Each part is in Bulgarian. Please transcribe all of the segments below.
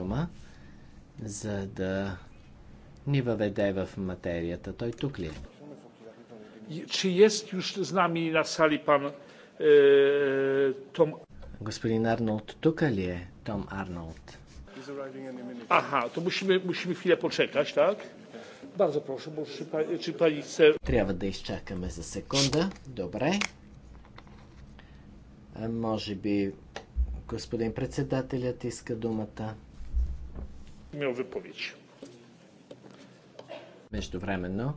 Консорциума, за да ни въведе в материята. Той тук ли е? Czy jest już z nami na sali pan Tom... Господин Арнолд тук ли е? Том Арнолд. Аха, то musimy, musimy chwilę poczekać, tak? Bardzo proszę, че пани се... Трябва да изчакаме за секунда. Добре. Е, може би господин председателят иска думата miał wypowiedź. Междувременно,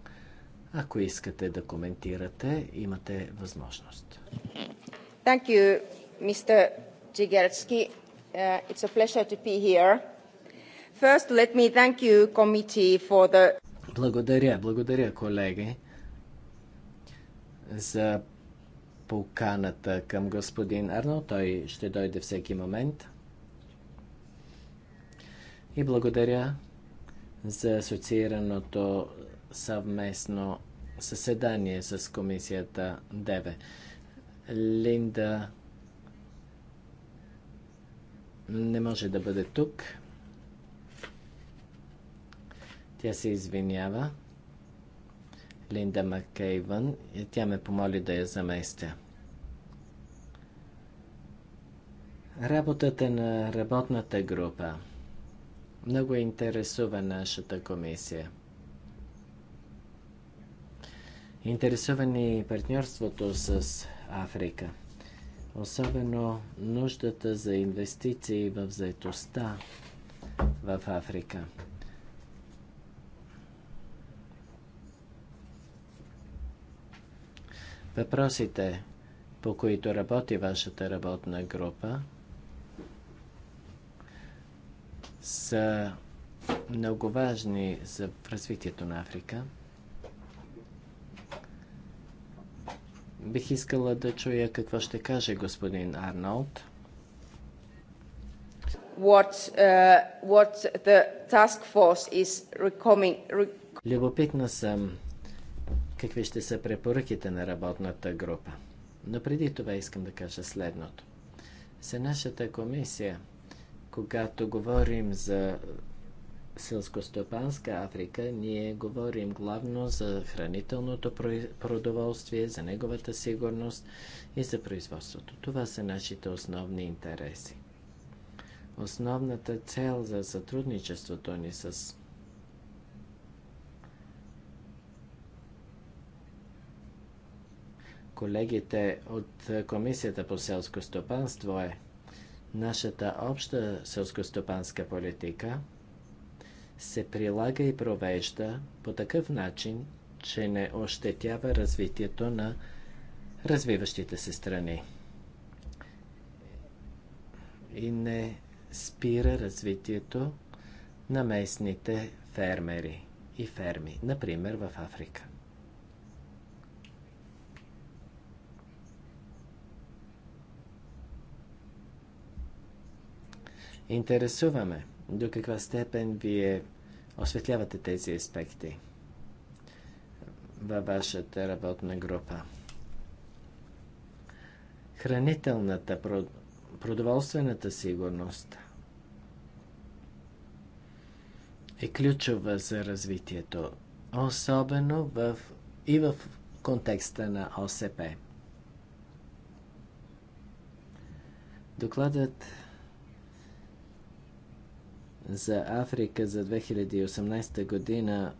ако искате да коментирате, имате възможност. Thank you, Mr. Jigerski. Uh, it's a pleasure to be here. First, let me thank you, committee, for the... Благодаря, благодаря, колеги, за поканата към господин Арно. Той ще дойде всеки момент. И благодаря за асоциираното съвместно съседание с комисията ДЕВЕ. Линда не може да бъде тук. Тя се извинява. Линда Маккейвън. И тя ме помоли да я заместя. Работата на работната група – много е интересува нашата комисия. Интересува ни партньорството с Африка. Особено нуждата за инвестиции в заетостта в Африка. Въпросите, по които работи вашата работна група, са много важни за развитието на Африка. Бих искала да чуя какво ще каже господин Арнолд. What, uh, what the task force is Любопитна съм какви ще са препоръките на работната група. Но преди това искам да кажа следното. За нашата комисия – когато говорим за селскостопанска Африка, ние говорим главно за хранителното продоволствие, за неговата сигурност и за производството. Това са нашите основни интереси. Основната цел за сътрудничеството ни с колегите от Комисията по селско стопанство е – Нашата обща селскостопанска политика се прилага и провежда по такъв начин, че не ощетява развитието на развиващите се страни и не спира развитието на местните фермери и ферми, например в Африка. интересуваме. До каква степен вие осветлявате тези аспекти във вашата работна група? Хранителната, продоволствената сигурност е ключова за развитието, особено в, и в контекста на ОСП. Докладът за Африка за 2018 година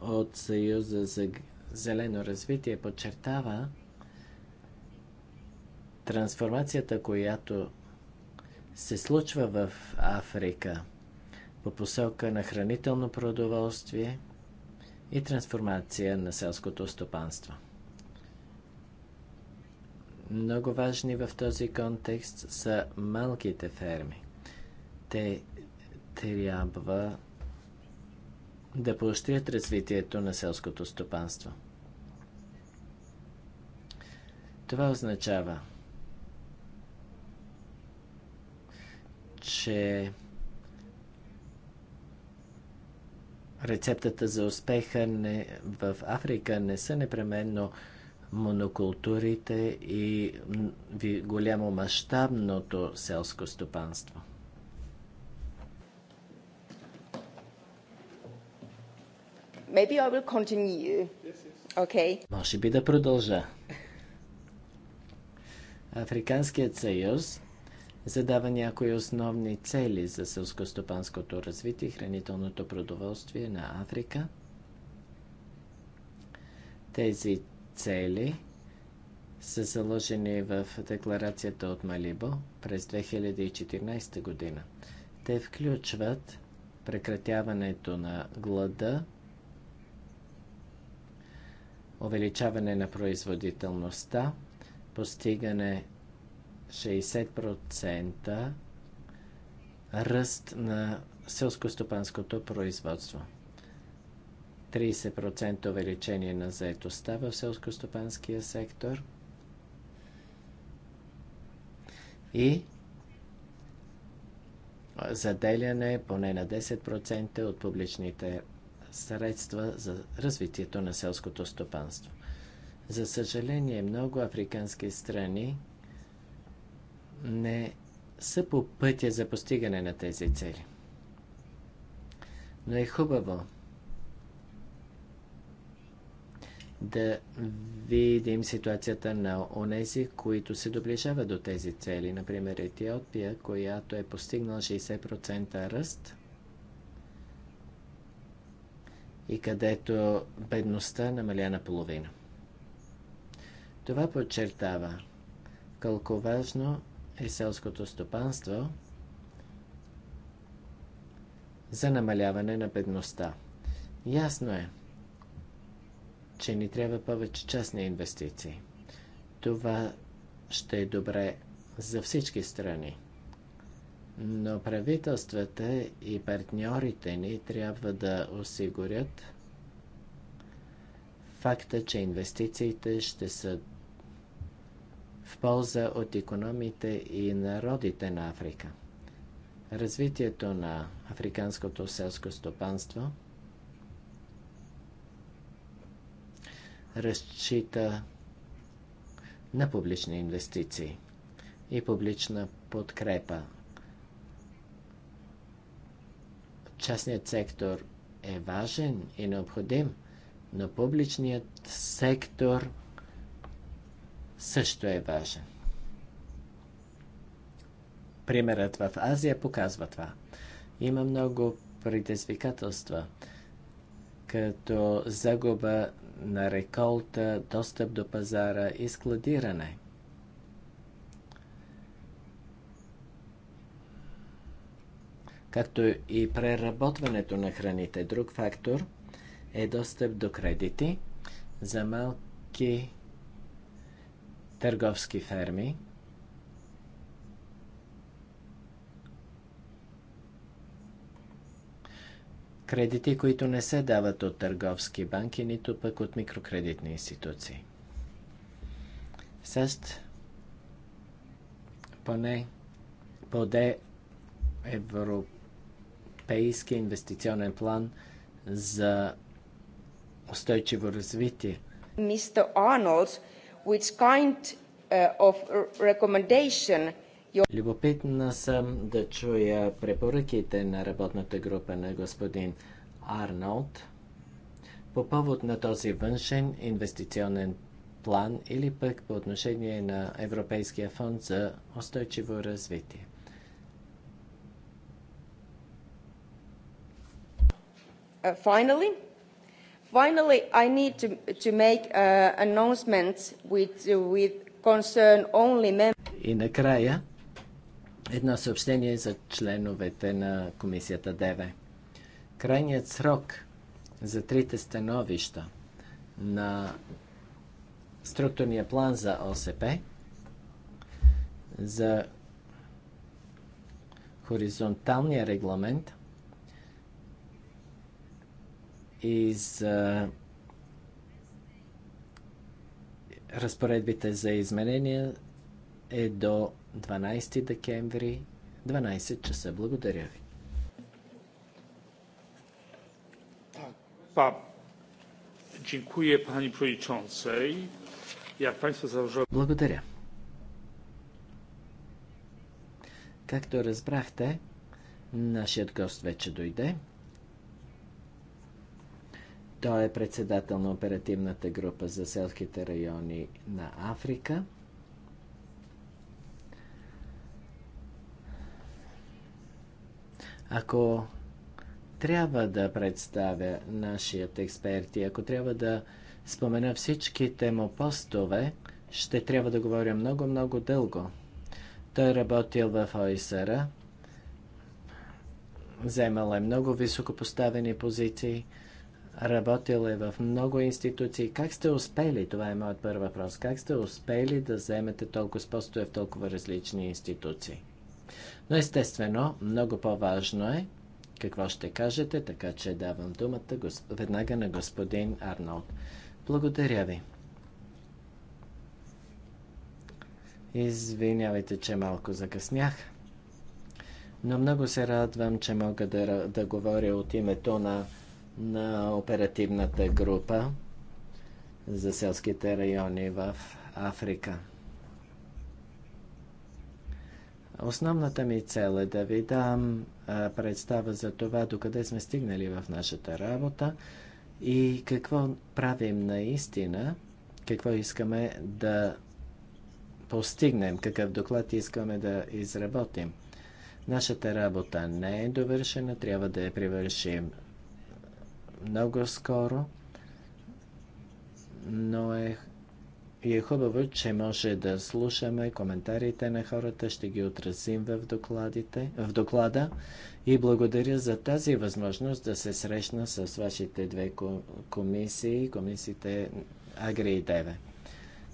от Съюза за зелено развитие подчертава трансформацията, която се случва в Африка по посока на хранително продоволствие и трансформация на селското стопанство. Много важни в този контекст са малките ферми. Те трябва да поощрят развитието на селското стопанство. Това означава, че рецептата за успеха не, в Африка не са непременно монокултурите и голямо мащабното селско стопанство. Maybe I will continue. Okay. Може би да продължа. Африканският съюз задава някои основни цели за селскостопанското развитие и хранителното продоволствие на Африка. Тези цели са заложени в декларацията от Малибо през 2014 година. Те включват прекратяването на глада, увеличаване на производителността, постигане 60% ръст на селскостопанското производство. 30% увеличение на заетостта в селскостопанския сектор и заделяне поне на 10% от публичните средства за развитието на селското стопанство. За съжаление, много африкански страни не са по пътя за постигане на тези цели. Но е хубаво да видим ситуацията на онези, които се доближават до тези цели. Например, Етиопия, която е постигнала 60% ръст – и където бедността намаля наполовина. Това подчертава колко важно е селското стопанство за намаляване на бедността. Ясно е, че ни трябва повече частни инвестиции. Това ще е добре за всички страни. Но правителствата и партньорите ни трябва да осигурят факта, че инвестициите ще са в полза от економите и народите на Африка. Развитието на африканското селско стопанство разчита на публични инвестиции и публична подкрепа Частният сектор е важен и е необходим, но публичният сектор също е важен. Примерът в Азия показва това. Има много предизвикателства, като загуба на реколта, достъп до пазара и складиране. както и преработването на храните. Друг фактор е достъп до кредити за малки търговски ферми. Кредити, които не се дават от търговски банки, нито пък от микрокредитни институции. САЩ поне поде Европа Европейския инвестиционен план за устойчиво развитие. Мистер Арнолд, which kind uh, of recommendation Любопитна съм да чуя препоръките на работната група на господин Арнолд по повод на този външен инвестиционен план или пък по отношение на Европейския фонд за устойчиво развитие. Uh, finally, finally, I need to, to make uh, announcements with, with concern only members. И накрая, едно съобщение за членовете на комисията ДВ. Крайният срок за трите становища на структурния план за ОСП, за хоризонталния регламент – и за разпоредбите за изменения е до 12 декември 12 часа. Благодаря ви. Благодаря. Както разбрахте, нашият гост вече дойде. Той е председател на оперативната група за селските райони на Африка. Ако трябва да представя нашият експерт и ако трябва да спомена всичките му постове, ще трябва да говоря много-много дълго. Той работил в ОИСР, вземал е много високопоставени позиции – Работил е в много институции. Как сте успели, това е моят първ въпрос, как сте успели да вземете толкова спостове в толкова различни институции? Но естествено, много по-важно е какво ще кажете, така че давам думата веднага на господин Арнолд. Благодаря ви. Извинявайте, че малко закъснях, но много се радвам, че мога да, да говоря от името на на оперативната група за селските райони в Африка. Основната ми цел е да ви дам представа за това, докъде сме стигнали в нашата работа и какво правим наистина, какво искаме да постигнем, какъв доклад искаме да изработим. Нашата работа не е довършена, трябва да я привършим много скоро, но е, е хубаво, че може да слушаме коментарите на хората, ще ги отразим в, докладите, в доклада и благодаря за тази възможност да се срещна с вашите две комисии, комисиите Агри и Деве.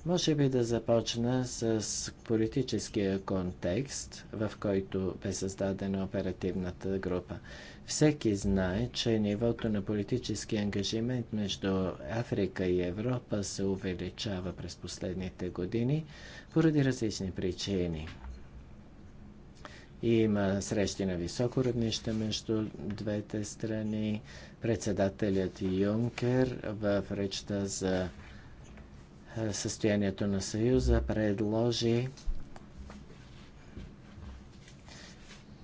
Може би да започна с политическия контекст, в който бе създадена оперативната група. Всеки знае, че нивото на политически ангажимент между Африка и Европа се увеличава през последните години поради различни причини. Има срещи на високо роднище между двете страни. Председателят Юнкер в речта за е, състоянието на Съюза предложи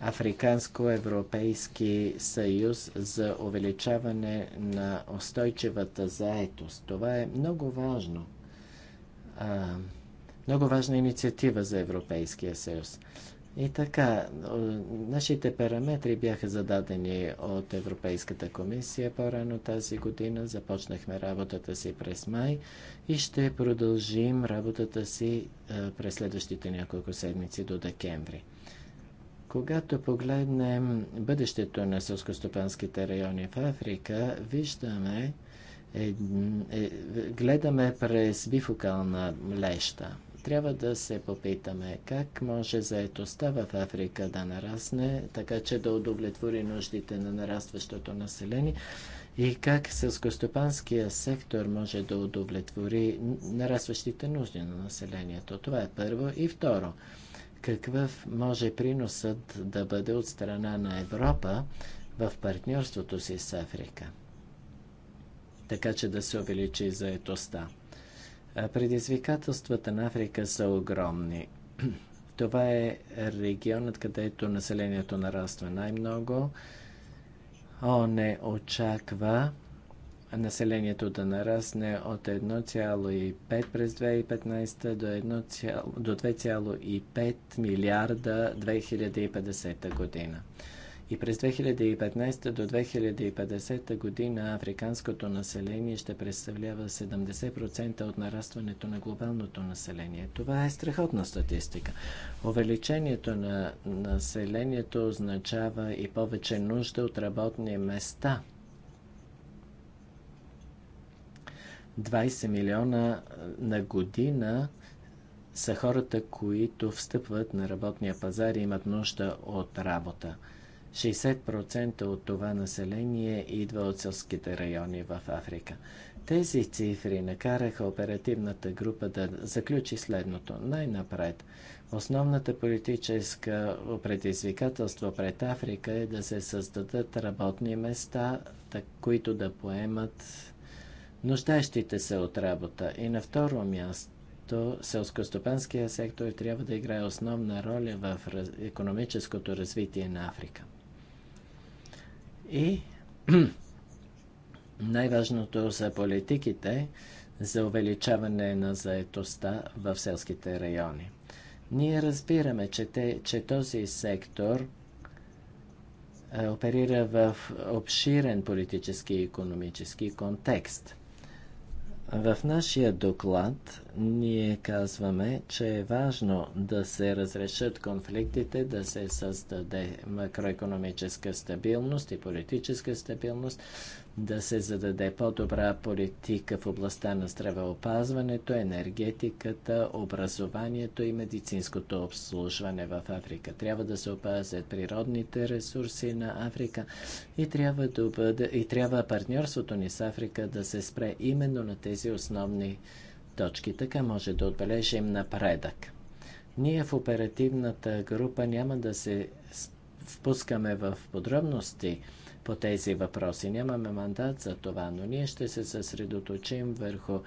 Африканско-европейски съюз за увеличаване на устойчивата заетост. Това е много важно. А, много важна инициатива за Европейския съюз. И така, нашите параметри бяха зададени от Европейската комисия по-рано тази година. Започнахме работата си през май и ще продължим работата си е, през следващите няколко седмици до декември. Когато погледнем бъдещето на сълскостопанските райони в Африка, виждаме, е, е, гледаме през бифокална леща. Трябва да се попитаме как може заетостта в Африка да нарасне, така че да удовлетвори нуждите на нарастващото население и как селскостопанския сектор може да удовлетвори нарастващите нужди на населението. Това е първо. И второ, какъв може приносът да бъде от страна на Европа в партньорството си с Африка, така че да се увеличи заетостта. Предизвикателствата на Африка са огромни. Това е регионът, където населението нараства най-много. не очаква населението да нарасне от 1,5 през 2015 до, 1, до 2,5 милиарда 2050 година. И през 2015 до 2050 година африканското население ще представлява 70% от нарастването на глобалното население. Това е страхотна статистика. Увеличението на населението означава и повече нужда от работни места. 20 милиона на година са хората, които встъпват на работния пазар и имат нужда от работа. 60% от това население идва от селските райони в Африка. Тези цифри накараха оперативната група да заключи следното. Най-напред, основната политическа предизвикателство пред Африка е да се създадат работни места, които да поемат нуждащите се от работа. И на второ място, селскостопанския сектор трябва да играе основна роля в економическото развитие на Африка. И най-важното за политиките е за увеличаване на заетостта в селските райони. Ние разбираме, че, те, че този сектор е, оперира в обширен политически и економически контекст – в нашия доклад ние казваме, че е важно да се разрешат конфликтите, да се създаде макроекономическа стабилност и политическа стабилност, да се зададе по-добра политика в областта на здравеопазването, енергетиката, образованието и медицинското обслужване в Африка. Трябва да се опазят природните ресурси на Африка и трябва, да бъде, и трябва партньорството ни с Африка да се спре именно на тези основни точки. Така може да отбележим напредък. Ние в оперативната група няма да се впускаме в подробности, по тези въпроси. Нямаме мандат за това, но ние ще се съсредоточим върху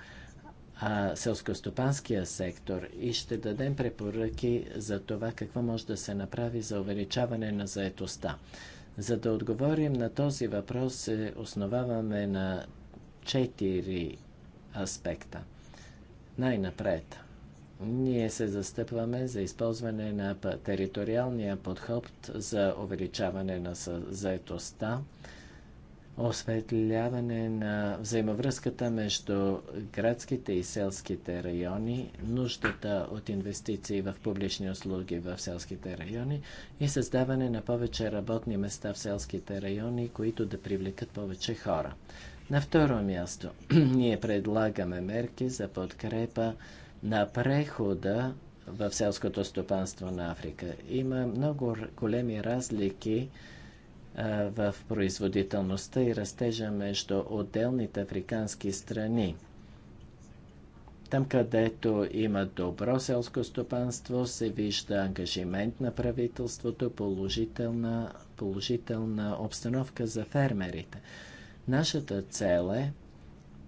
селскостопанския сектор и ще дадем препоръки за това какво може да се направи за увеличаване на заетостта. За да отговорим на този въпрос, се основаваме на четири аспекта. Най-напред – ние се застъпваме за използване на териториалния подход за увеличаване на заетостта, осветляване на взаимовръзката между градските и селските райони, нуждата от инвестиции в публични услуги в селските райони и създаване на повече работни места в селските райони, които да привлекат повече хора. На второ място, ние предлагаме мерки за подкрепа на прехода в селското стопанство на Африка. Има много големи разлики в производителността и растежа между отделните африкански страни. Там, където има добро селско стопанство, се вижда ангажимент на правителството, положителна, положителна обстановка за фермерите. Нашата цел е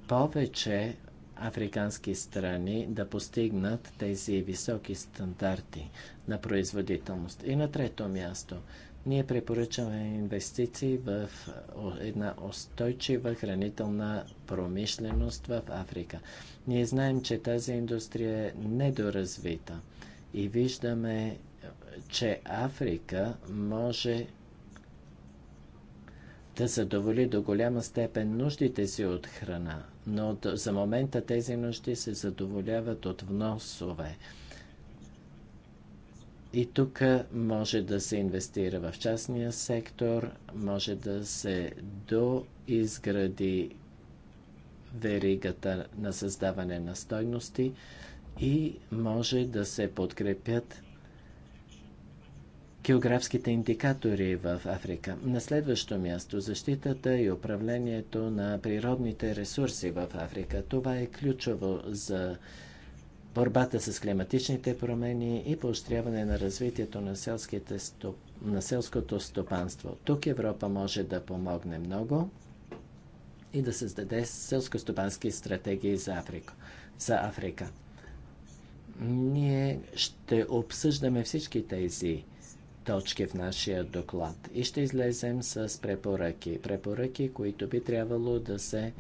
повече африкански страни да постигнат тези високи стандарти на производителност. И на трето място, ние препоръчваме инвестиции в една устойчива хранителна промишленост в Африка. Ние знаем, че тази индустрия е недоразвита и виждаме, че Африка може да задоволи до голяма степен нуждите си от храна но за момента тези нужди се задоволяват от вносове. И тук може да се инвестира в частния сектор, може да се доизгради веригата на създаване на стойности и може да се подкрепят географските индикатори в Африка. На следващо място защитата и управлението на природните ресурси в Африка. Това е ключово за борбата с климатичните промени и поощряване на развитието на, селските, на селското стопанство. Тук Европа може да помогне много и да създаде селско-стопански стратегии за Африка. За Африка. Ние ще обсъждаме всички тези точки в нашия доклад и ще излезем с препоръки. Препоръки, които би трябвало да се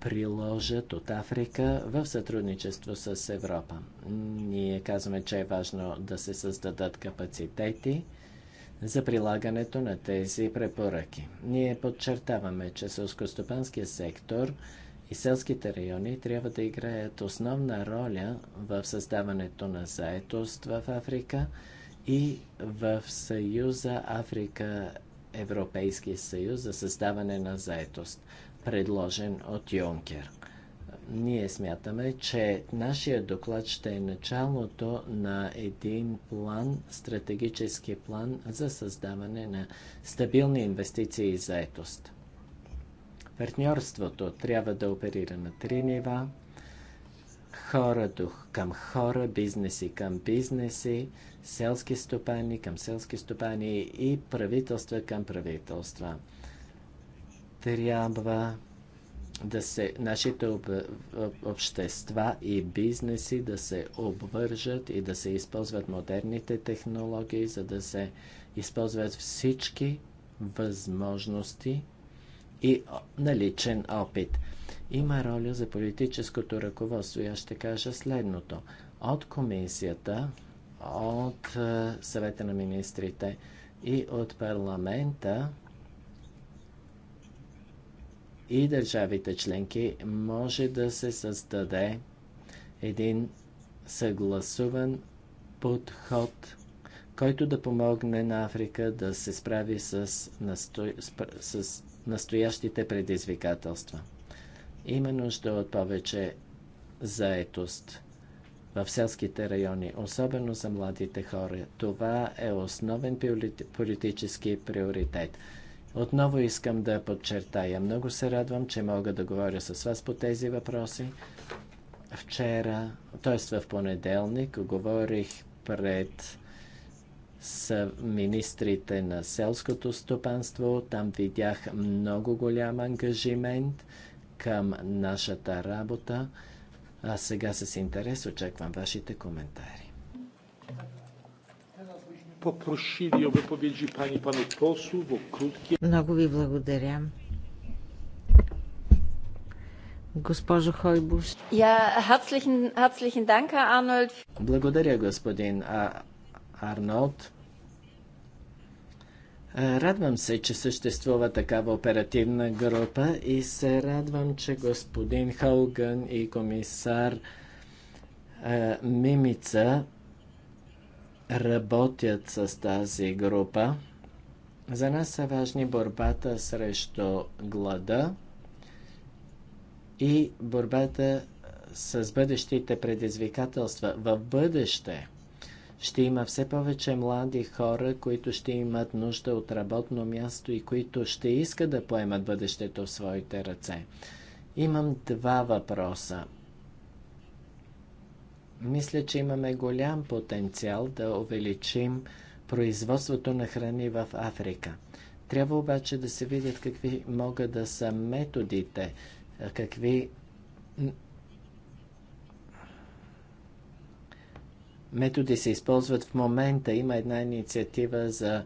приложат от Африка в сътрудничество с Европа. Ние казваме, че е важно да се създадат капацитети за прилагането на тези препоръки. Ние подчертаваме, че селско-стопанския сектор и селските райони трябва да играят основна роля в създаването на заетост в Африка – и в Съюза Африка Европейски съюз за създаване на заетост, предложен от Юнкер. Ние смятаме, че нашия доклад ще е началото на един план, стратегически план за създаване на стабилни инвестиции и заетост. Партньорството трябва да оперира на три нива хора дух, към хора, бизнеси към бизнеси, селски стопани към селски стопани и правителства към правителства. Трябва да се, нашите об, об, общества и бизнеси да се обвържат и да се използват модерните технологии, за да се използват всички възможности и наличен опит има роля за политическото ръководство. И аз ще кажа следното. От комисията, от е, съвета на министрите и от парламента и държавите членки може да се създаде един съгласуван подход, който да помогне на Африка да се справи с, с настоящите предизвикателства. Има нужда от повече заетост в селските райони, особено за младите хора. Това е основен политически приоритет. Отново искам да подчертая. Много се радвам, че мога да говоря с вас по тези въпроси. Вчера, т.е. в понеделник, говорих пред с министрите на селското стопанство. Там видях много голям ангажимент към нашата работа. А сега с интерес очаквам вашите коментари. Много ви благодаря. Госпожо Хойбуш. Я, данка, Благодаря, господин Арнолд. Радвам се, че съществува такава оперативна група и се радвам, че господин Хауган и комисар Мимица работят с тази група. За нас са важни борбата срещу глада и борбата с бъдещите предизвикателства в бъдеще – ще има все повече млади хора, които ще имат нужда от работно място и които ще искат да поемат бъдещето в своите ръце. Имам два въпроса. Мисля, че имаме голям потенциал да увеличим производството на храни в Африка. Трябва обаче да се видят какви могат да са методите, какви методи се използват в момента. Има една инициатива за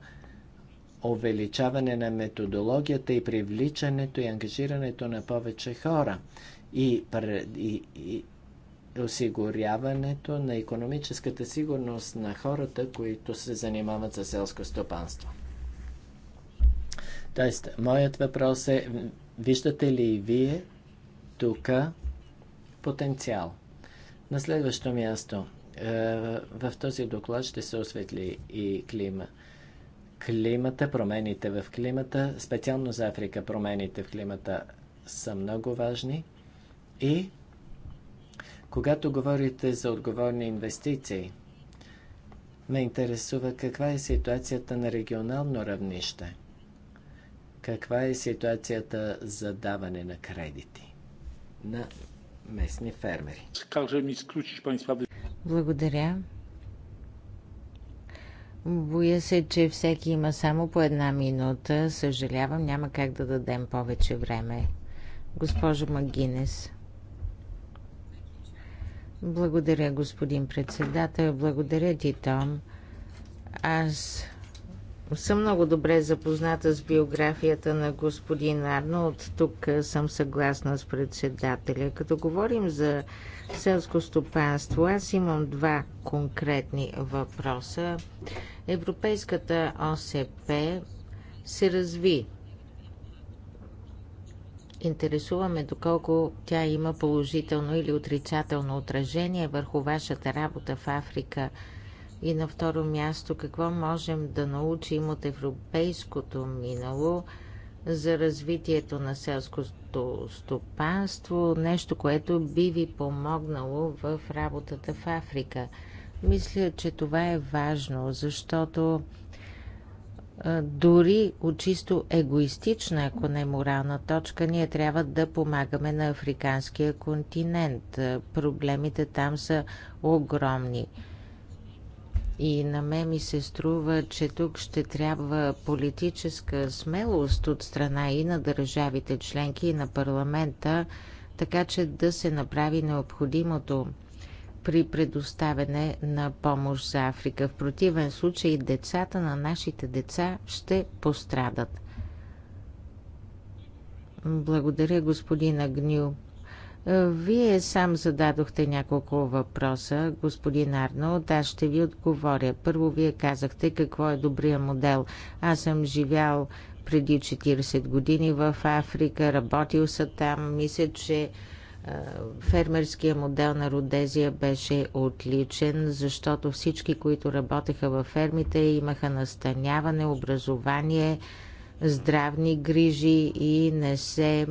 увеличаване на методологията и привличането и ангажирането на повече хора и, и, и осигуряването на економическата сигурност на хората, които се занимават за селско стопанство. Тоест, моят въпрос е, виждате ли и вие тук потенциал? На следващо място – е, в този доклад ще се осветли и клима. Климата, промените в климата, специално за Африка промените в климата са много важни. И когато говорите за отговорни инвестиции, ме интересува каква е ситуацията на регионално равнище. Каква е ситуацията за даване на кредити на местни фермери? ми изключиш панства благодаря. Боя се, че всеки има само по една минута. Съжалявам, няма как да дадем повече време. Госпожо Магинес. Благодаря, господин председател. Благодаря ти, Том. Аз съм много добре запозната с биографията на господин от Тук съм съгласна с председателя. Като говорим за селско стопанство. Аз имам два конкретни въпроса. Европейската ОСП се разви. Интересуваме доколко тя има положително или отрицателно отражение върху вашата работа в Африка. И на второ място, какво можем да научим от европейското минало – за развитието на селското стопанство, нещо, което би ви помогнало в работата в Африка. Мисля, че това е важно, защото дори от чисто егоистична, ако не морална точка, ние трябва да помагаме на африканския континент. Проблемите там са огромни. И на мен ми се струва, че тук ще трябва политическа смелост от страна и на държавите членки и на парламента, така че да се направи необходимото при предоставяне на помощ за Африка. В противен случай децата на нашите деца ще пострадат. Благодаря, господин Агню. Е, вие сам зададохте няколко въпроса, господин Арно. Аз ще ви отговоря. Първо, вие казахте какво е добрия модел. Аз съм живял преди 40 години в Африка, работил са там. Мисля, че е, фермерския модел на Родезия беше отличен, защото всички, които работеха във фермите, имаха настаняване, образование, здравни грижи и не се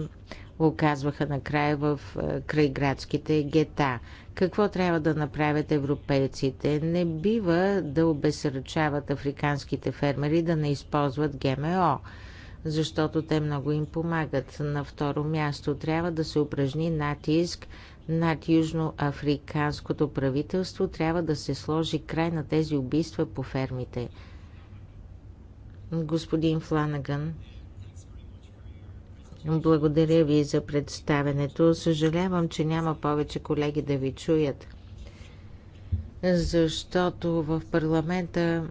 оказваха накрая в е, крайградските гета. Какво трябва да направят европейците? Не бива да обесърчават африканските фермери да не използват ГМО, защото те много им помагат. На второ място трябва да се упражни натиск над южноафриканското правителство. Трябва да се сложи край на тези убийства по фермите. Господин Фланаган, благодаря ви за представенето. Съжалявам, че няма повече колеги да ви чуят, защото в парламента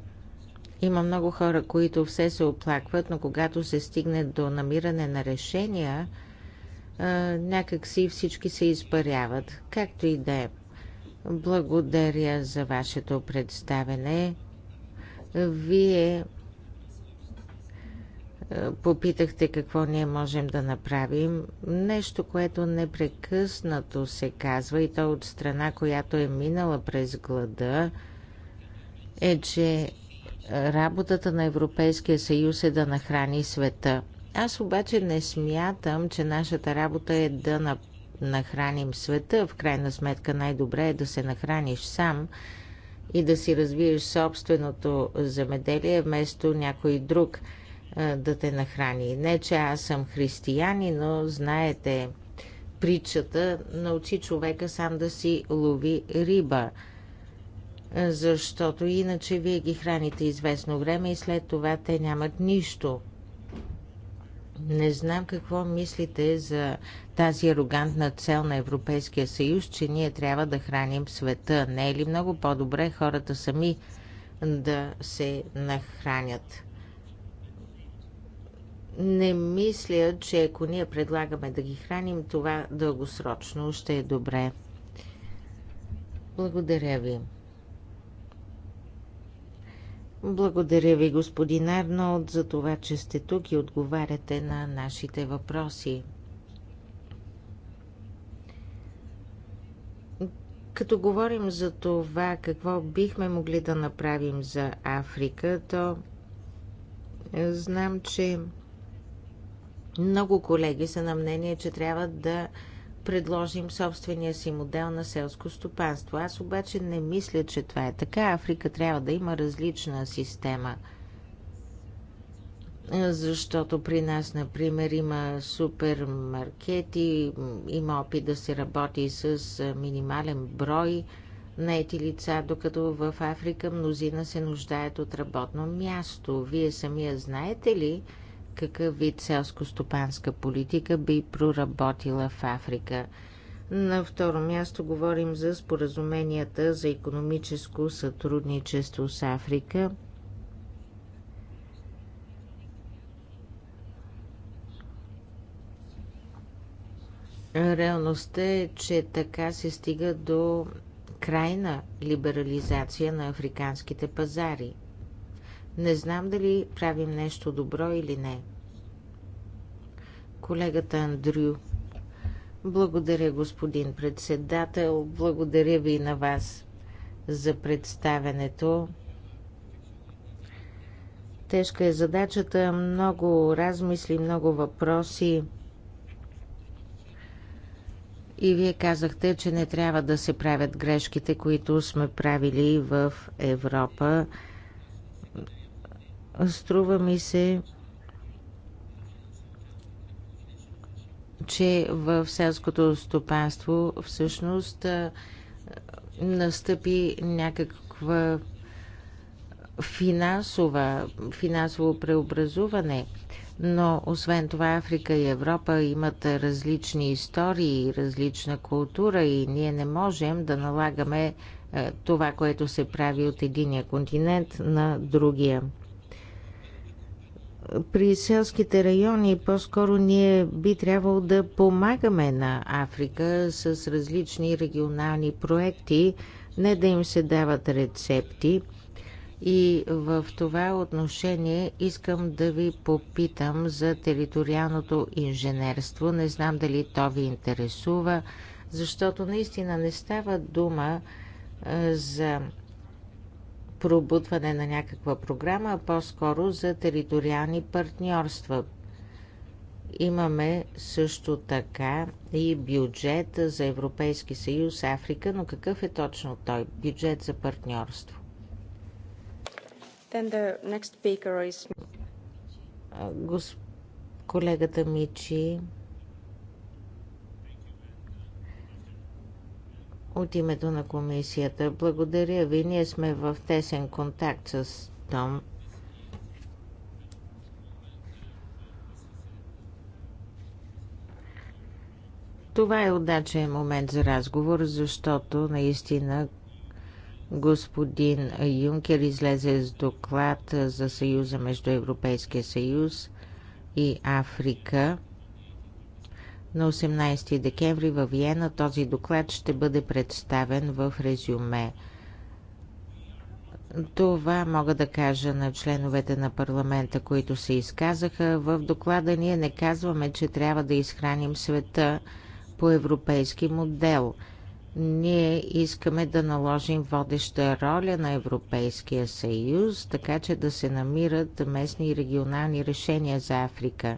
има много хора, които все се оплакват, но когато се стигне до намиране на решения, някак си всички се изпаряват. Както и да е. Благодаря за вашето представене. Вие е, попитахте какво ние можем да направим. Нещо, което непрекъснато се казва и то от страна, която е минала през глада, е, че работата на Европейския съюз е да нахрани света. Аз обаче не смятам, че нашата работа е да нахраним света. В крайна сметка най-добре е да се нахраниш сам и да си развиеш собственото земеделие вместо някой друг – да те нахрани. Не, че аз съм християни, но знаете притчата научи човека сам да си лови риба. Защото иначе вие ги храните известно време и след това те нямат нищо. Не знам какво мислите за тази арогантна цел на Европейския съюз, че ние трябва да храним света. Не е ли много по-добре хората сами да се нахранят? не мисля, че ако ние предлагаме да ги храним, това дългосрочно ще е добре. Благодаря ви. Благодаря ви, господин Арнолд, за това, че сте тук и отговаряте на нашите въпроси. Като говорим за това, какво бихме могли да направим за Африка, то знам, че много колеги са на мнение, че трябва да предложим собствения си модел на селско стопанство. Аз обаче не мисля, че това е така. Африка трябва да има различна система. Защото при нас, например, има супермаркети, има опит да се работи с минимален брой наети лица, докато в Африка мнозина се нуждаят от работно място. Вие самия знаете ли, какъв вид селско-стопанска политика би проработила в Африка. На второ място говорим за споразуменията за економическо сътрудничество с Африка. Реалността е, че така се стига до крайна либерализация на африканските пазари – не знам дали правим нещо добро или не. Колегата Андрю. Благодаря, господин председател. Благодаря ви и на вас за представенето. Тежка е задачата, много размисли, много въпроси. И вие казахте, че не трябва да се правят грешките, които сме правили в Европа. Струва ми се, че в селското стопанство всъщност настъпи някаква финансова, финансово преобразуване. Но освен това Африка и Европа имат различни истории, различна култура и ние не можем да налагаме това, което се прави от единия континент на другия при селските райони по-скоро ние би трябвало да помагаме на Африка с различни регионални проекти, не да им се дават рецепти. И в това отношение искам да ви попитам за териториалното инженерство. Не знам дали то ви интересува, защото наистина не става дума за пробутване на някаква програма, а по-скоро за териториални партньорства. Имаме също така и бюджет за Европейски съюз Африка, но какъв е точно той? Бюджет за партньорство. Then the next speaker is... Гос... Колегата Мичи от името на комисията. Благодаря ви. Ние сме в тесен контакт с Том. Това е удачен момент за разговор, защото наистина господин Юнкер излезе с доклад за съюза между Европейския съюз и Африка – на 18 декември във Виена този доклад ще бъде представен в резюме. Това мога да кажа на членовете на парламента, които се изказаха. В доклада ние не казваме, че трябва да изхраним света по европейски модел. Ние искаме да наложим водеща роля на Европейския съюз, така че да се намират местни и регионални решения за Африка.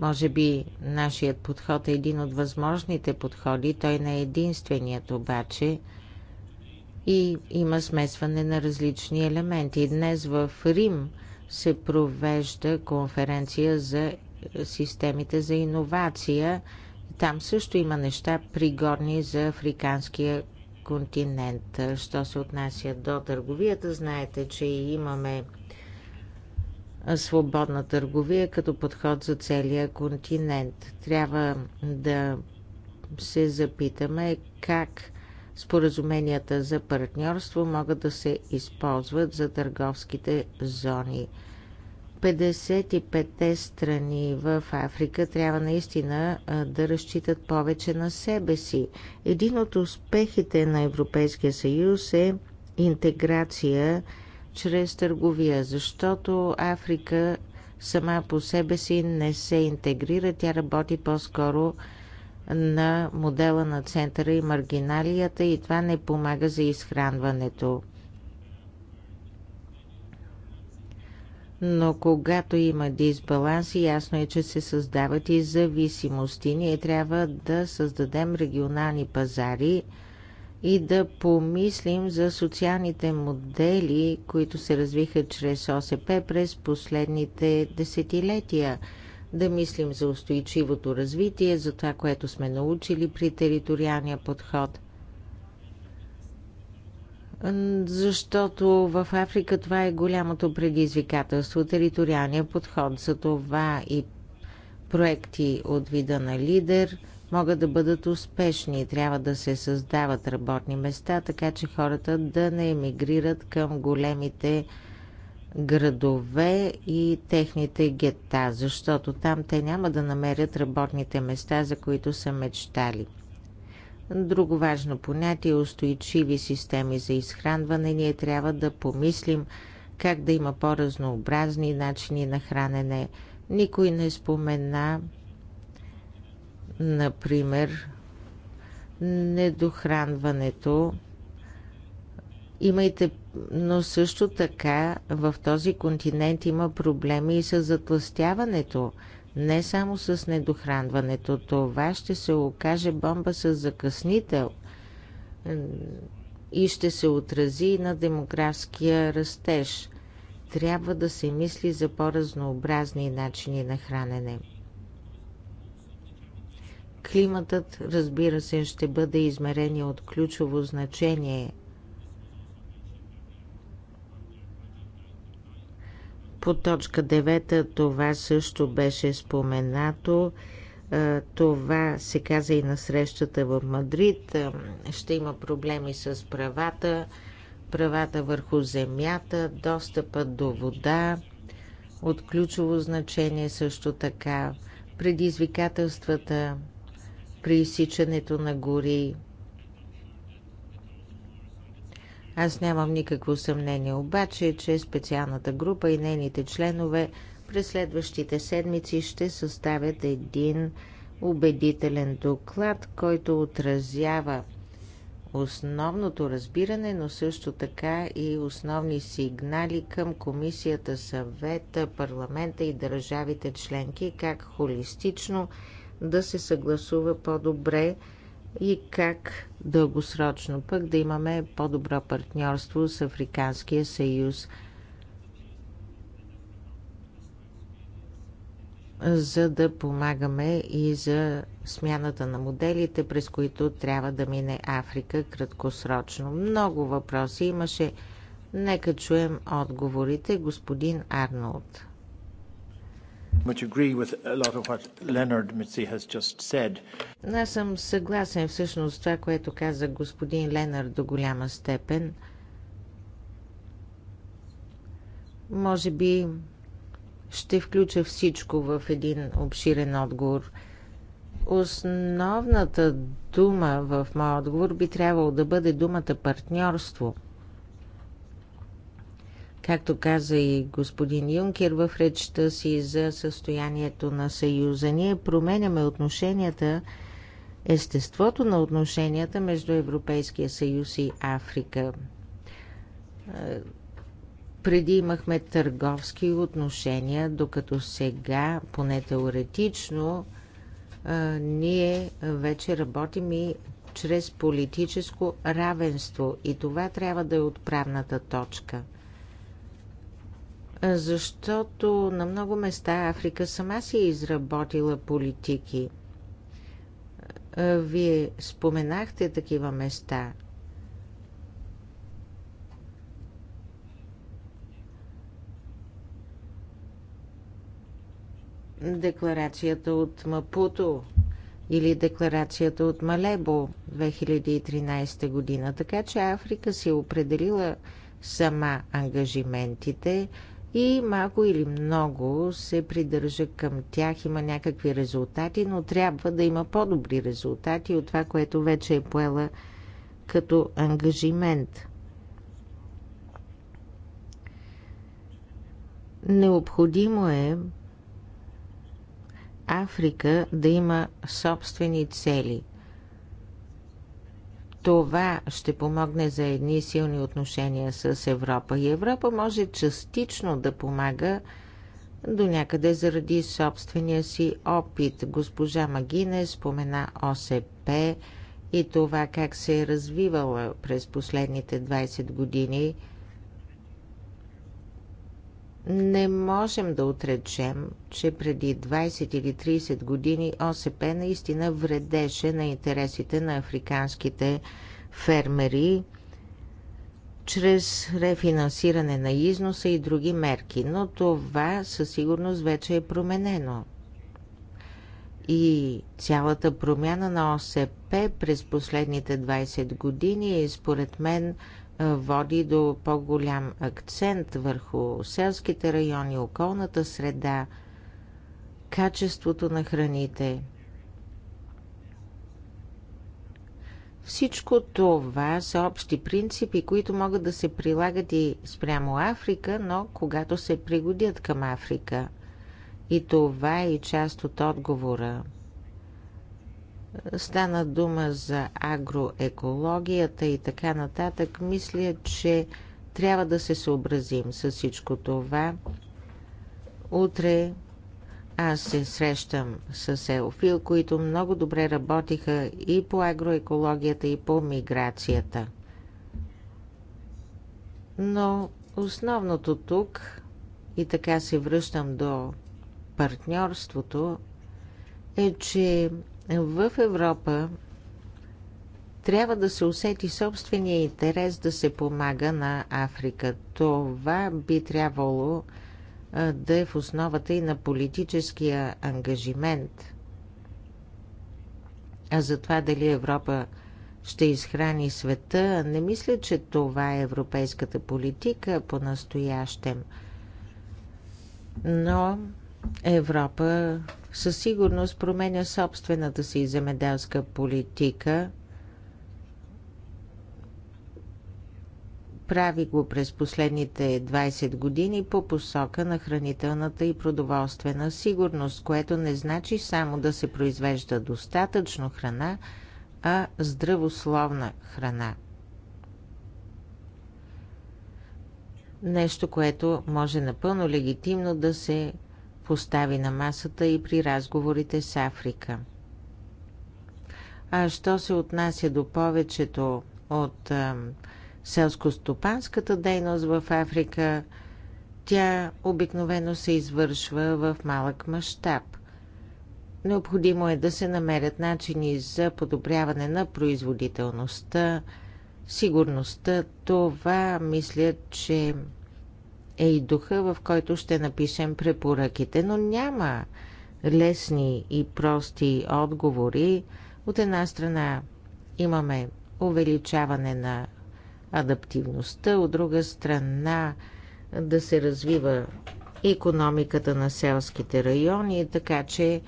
Може би нашият подход е един от възможните подходи, той не е единственият обаче и има смесване на различни елементи. Днес в Рим се провежда конференция за системите за иновация. Там също има неща пригодни за африканския континент. Що се отнася до търговията, знаете, че имаме свободна търговия като подход за целия континент. Трябва да се запитаме как споразуменията за партньорство могат да се използват за търговските зони. 55-те страни в Африка трябва наистина да разчитат повече на себе си. Един от успехите на Европейския съюз е интеграция чрез търговия, защото Африка сама по себе си не се интегрира. Тя работи по-скоро на модела на центъра и маргиналията и това не помага за изхранването. Но когато има дисбаланс, ясно е, че се създават и зависимости. Ние трябва да създадем регионални пазари – и да помислим за социалните модели, които се развиха чрез ОСП през последните десетилетия. Да мислим за устойчивото развитие, за това, което сме научили при териториалния подход. Защото в Африка това е голямото предизвикателство, териториалния подход. За това и проекти от вида на лидер – могат да бъдат успешни. Трябва да се създават работни места, така че хората да не емигрират към големите градове и техните гета, защото там те няма да намерят работните места, за които са мечтали. Друго важно понятие е – устойчиви системи за изхранване. Ние трябва да помислим как да има по-разнообразни начини на хранене. Никой не спомена Например, недохранването. Имайте, но също така в този континент има проблеми и с затластяването не само с недохранването. Това ще се окаже бомба с закъснител и ще се отрази и на демографския растеж. Трябва да се мисли за по-разнообразни начини на хранене. Климатът, разбира се, ще бъде измерение от ключово значение. По точка 9 това също беше споменато. Това се каза и на срещата в Мадрид. Ще има проблеми с правата, правата върху земята, достъпа до вода, от ключово значение също така, предизвикателствата при изсичането на гори. Аз нямам никакво съмнение обаче, че специалната група и нейните членове през следващите седмици ще съставят един убедителен доклад, който отразява основното разбиране, но също така и основни сигнали към комисията, съвета, парламента и държавите членки, как холистично да се съгласува по-добре и как дългосрочно пък да имаме по-добро партньорство с Африканския съюз. за да помагаме и за смяната на моделите, през които трябва да мине Африка краткосрочно. Много въпроси имаше. Нека чуем отговорите, господин Арнолд. Much agree with a lot of what Leonard Mitzi has just said. Аз съм съгласен всъщност с това, което каза господин Ленар до голяма степен. Може би ще включа всичко в един обширен отговор. Основната дума в моя отговор би трябвало да бъде думата партньорство – Както каза и господин Юнкер в речта си за състоянието на Съюза, ние променяме отношенията, естеството на отношенията между Европейския съюз и Африка. Е, преди имахме търговски отношения, докато сега, поне теоретично, е, ние вече работим и чрез политическо равенство и това трябва да е отправната точка – защото на много места Африка сама си е изработила политики. Вие споменахте такива места. Декларацията от Мапуто или декларацията от Малебо 2013 година. Така че Африка си е определила сама ангажиментите – и малко или много се придържа към тях, има някакви резултати, но трябва да има по-добри резултати от това, което вече е поела като ангажимент. Необходимо е Африка да има собствени цели. Това ще помогне за едни силни отношения с Европа. И Европа може частично да помага до някъде заради собствения си опит. Госпожа Магине спомена ОСП и това как се е развивала през последните 20 години – не можем да отречем, че преди 20 или 30 години ОСП наистина вредеше на интересите на африканските фермери чрез рефинансиране на износа и други мерки, но това със сигурност вече е променено. И цялата промяна на ОСП през последните 20 години е според мен води до по-голям акцент върху селските райони, околната среда, качеството на храните. Всичко това са общи принципи, които могат да се прилагат и спрямо Африка, но когато се пригодят към Африка. И това е и част от отговора – Стана дума за агроекологията и така нататък. Мисля, че трябва да се съобразим с всичко това. Утре аз се срещам с Елфил, които много добре работиха и по агроекологията, и по миграцията. Но основното тук, и така се връщам до партньорството, е, че в Европа трябва да се усети собствения интерес да се помага на Африка. Това би трябвало да е в основата и на политическия ангажимент. А за това дали Европа ще изхрани света, не мисля, че това е европейската политика по-настоящем. Но Европа със сигурност променя собствената си земеделска политика. Прави го през последните 20 години по посока на хранителната и продоволствена сигурност, което не значи само да се произвежда достатъчно храна, а здравословна храна. Нещо, което може напълно легитимно да се постави на масата и при разговорите с Африка. А що се отнася до повечето от селско-стопанската дейност в Африка, тя обикновено се извършва в малък мащаб. Необходимо е да се намерят начини за подобряване на производителността, сигурността. Това мисля, че е и духа, в който ще напишем препоръките, но няма лесни и прости отговори. От една страна имаме увеличаване на адаптивността, от друга страна да се развива економиката на селските райони, така че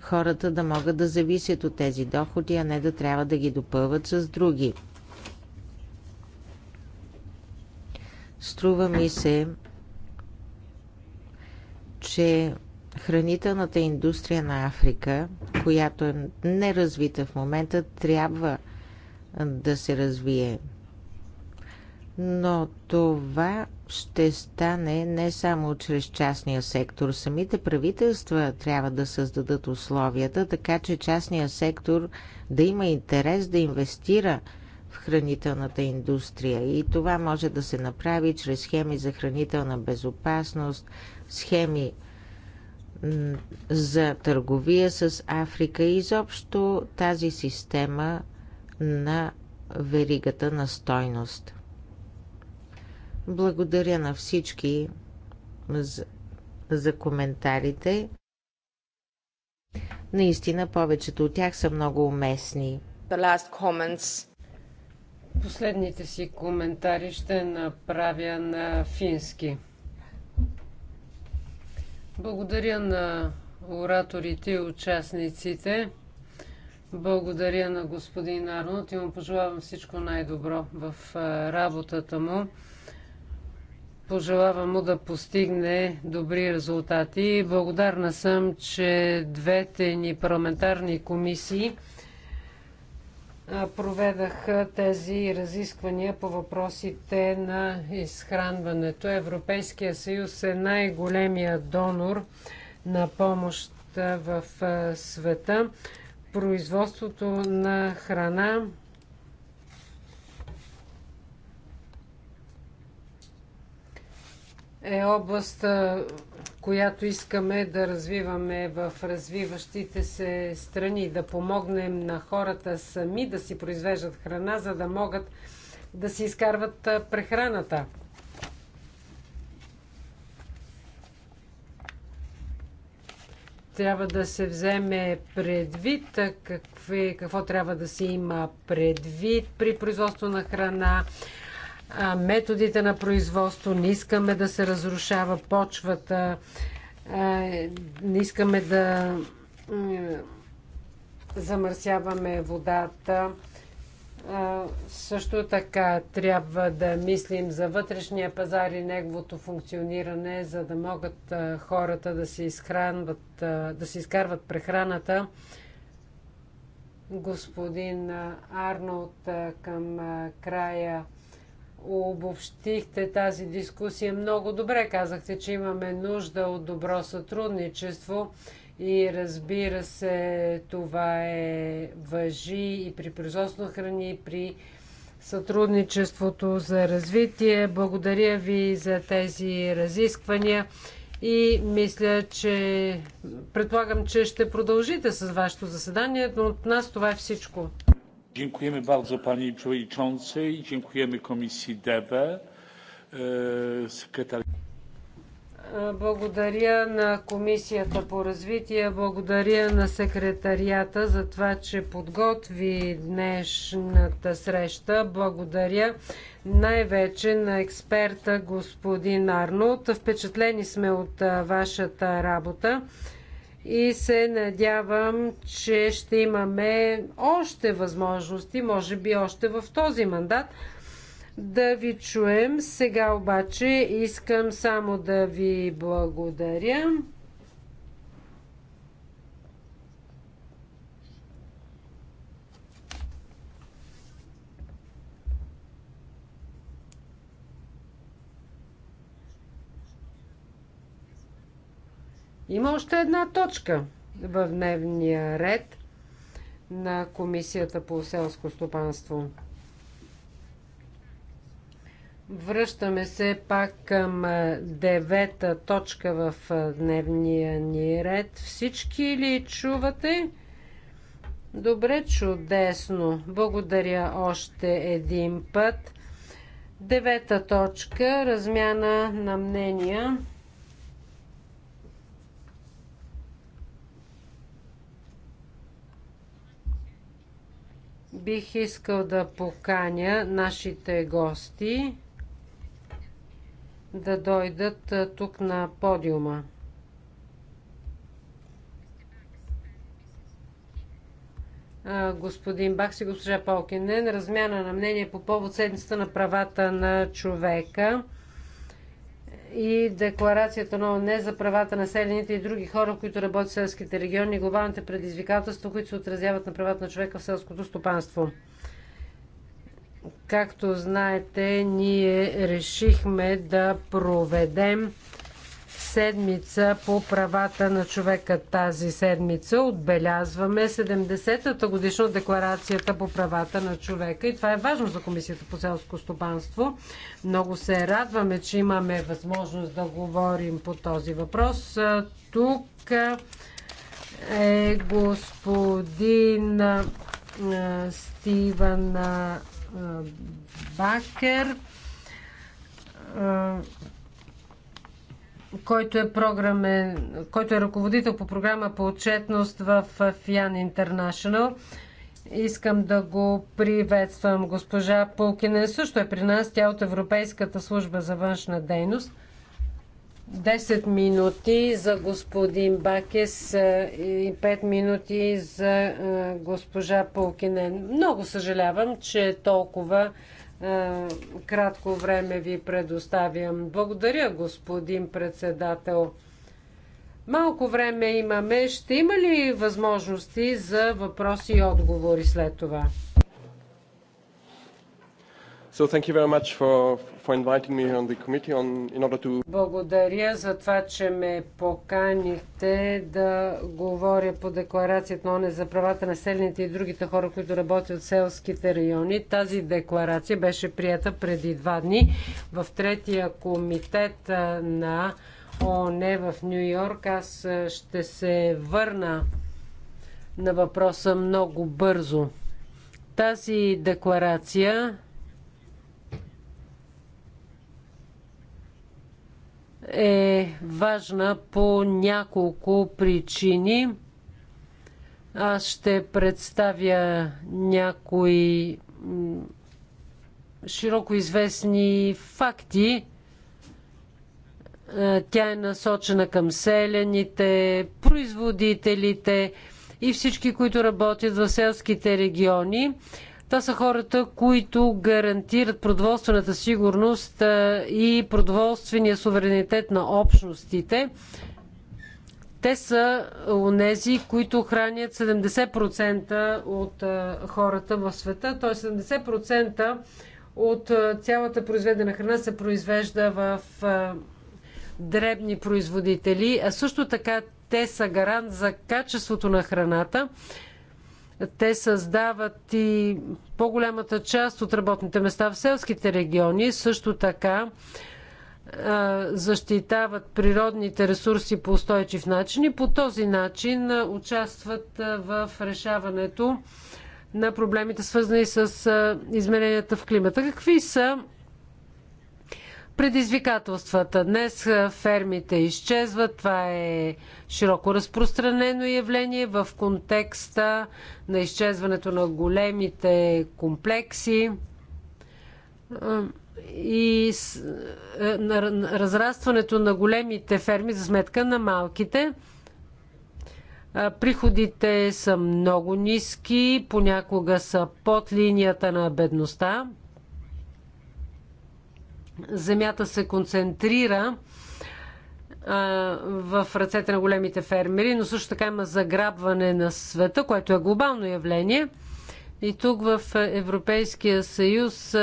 хората да могат да зависят от тези доходи, а не да трябва да ги допълват с други. Струва ми се, че хранителната индустрия на Африка, която е неразвита в момента, трябва да се развие. Но това ще стане не само чрез частния сектор. Самите правителства трябва да създадат условията, така че частния сектор да има интерес да инвестира в хранителната индустрия. И това може да се направи чрез схеми за хранителна безопасност, схеми за търговия с Африка и изобщо тази система на веригата на стойност. Благодаря на всички за, за коментарите. Наистина повечето от тях са много уместни. Последните си коментари ще направя на фински. Благодаря на ораторите и участниците. Благодаря на господин Арнот и му пожелавам всичко най-добро в работата му. Пожелавам му да постигне добри резултати. Благодарна съм, че двете ни парламентарни комисии проведах тези разисквания по въпросите на изхранването. Европейския съюз е най-големия донор на помощ в света. Производството на храна е област, която искаме да развиваме в развиващите се страни, да помогнем на хората сами да си произвеждат храна, за да могат да си изкарват прехраната. трябва да се вземе предвид, какво трябва да се има предвид при производство на храна, методите на производство, не искаме да се разрушава почвата, не искаме да замърсяваме водата. Също така трябва да мислим за вътрешния пазар и неговото функциониране, за да могат хората да се изхранват, да се изкарват прехраната. Господин Арнолд към края обобщихте тази дискусия много добре. Казахте, че имаме нужда от добро сътрудничество и разбира се, това е въжи и при производство храни, и при сътрудничеството за развитие. Благодаря ви за тези разисквания и мисля, че предполагам, че ще продължите с вашето заседание, но от нас това е всичко. Dziękujemy bardzo pani przewodniczącej, dziękujemy komisji DEWE, sekretariat. E, благодаря на Комисията по развитие, благодаря на секретарията за това, че подготви днешната среща. Благодаря най-вече на експерта господин Арнут. Впечатлени сме от вашата работа и се надявам, че ще имаме още възможности, може би още в този мандат, да ви чуем. Сега обаче искам само да ви благодаря. Има още една точка в дневния ред на Комисията по селско стопанство. Връщаме се пак към девета точка в дневния ни ред. Всички ли чувате? Добре, чудесно. Благодаря още един път. Девета точка размяна на мнения бих искал да поканя нашите гости да дойдат тук на подиума. господин Бакс и госпожа Полкинен. Размяна на мнение по повод седмицата на правата на човека и Декларацията на ОНЕ за правата на селените и други хора, които работят в селските региони и глобалните предизвикателства, които се отразяват на правата на човека в селското стопанство. Както знаете, ние решихме да проведем седмица по правата на човека тази седмица отбелязваме 70-та годишна от декларацията по правата на човека и това е важно за Комисията по селско стопанство. Много се радваме, че имаме възможност да говорим по този въпрос. Тук е господин Стивън Бакер който е, програмен, който е ръководител по програма по отчетност в Fian International. Искам да го приветствам. Госпожа Пулкина е също е при нас. Тя е от Европейската служба за външна дейност. 10 минути за господин Бакес и 5 минути за госпожа Пулкинен. Много съжалявам, че толкова е, кратко време ви предоставям. Благодаря, господин председател. Малко време имаме. Ще има ли възможности за въпроси и отговори след това? So thank you very much for, for inviting me on the committee on, in order to... Благодаря за това, че ме поканихте да говоря по декларацията на ОНЕ за правата на селените и другите хора, които работят в селските райони. Тази декларация беше прията преди два дни в третия комитет на ОНЕ в Нью Йорк. Аз ще се върна на въпроса много бързо. Тази декларация е важна по няколко причини. Аз ще представя някои широко известни факти. Е, тя е насочена към селените, производителите и всички, които работят в селските региони. Това са хората, които гарантират продоволствената сигурност и продоволствения суверенитет на общностите. Те са онези, които хранят 70% от хората в света, т.е. 70% от цялата произведена храна се произвежда в дребни производители, а също така те са гарант за качеството на храната те създават и по-голямата част от работните места в селските региони. Също така защитават природните ресурси по устойчив начин и по този начин участват в решаването на проблемите, свързани с измененията в климата. Какви са Предизвикателствата. Днес фермите изчезват. Това е широко разпространено явление в контекста на изчезването на големите комплекси и разрастването на големите ферми за сметка на малките. Приходите са много ниски, понякога са под линията на бедността земята се концентрира в ръцете на големите фермери, но също така има заграбване на света, което е глобално явление. И тук в Европейския съюз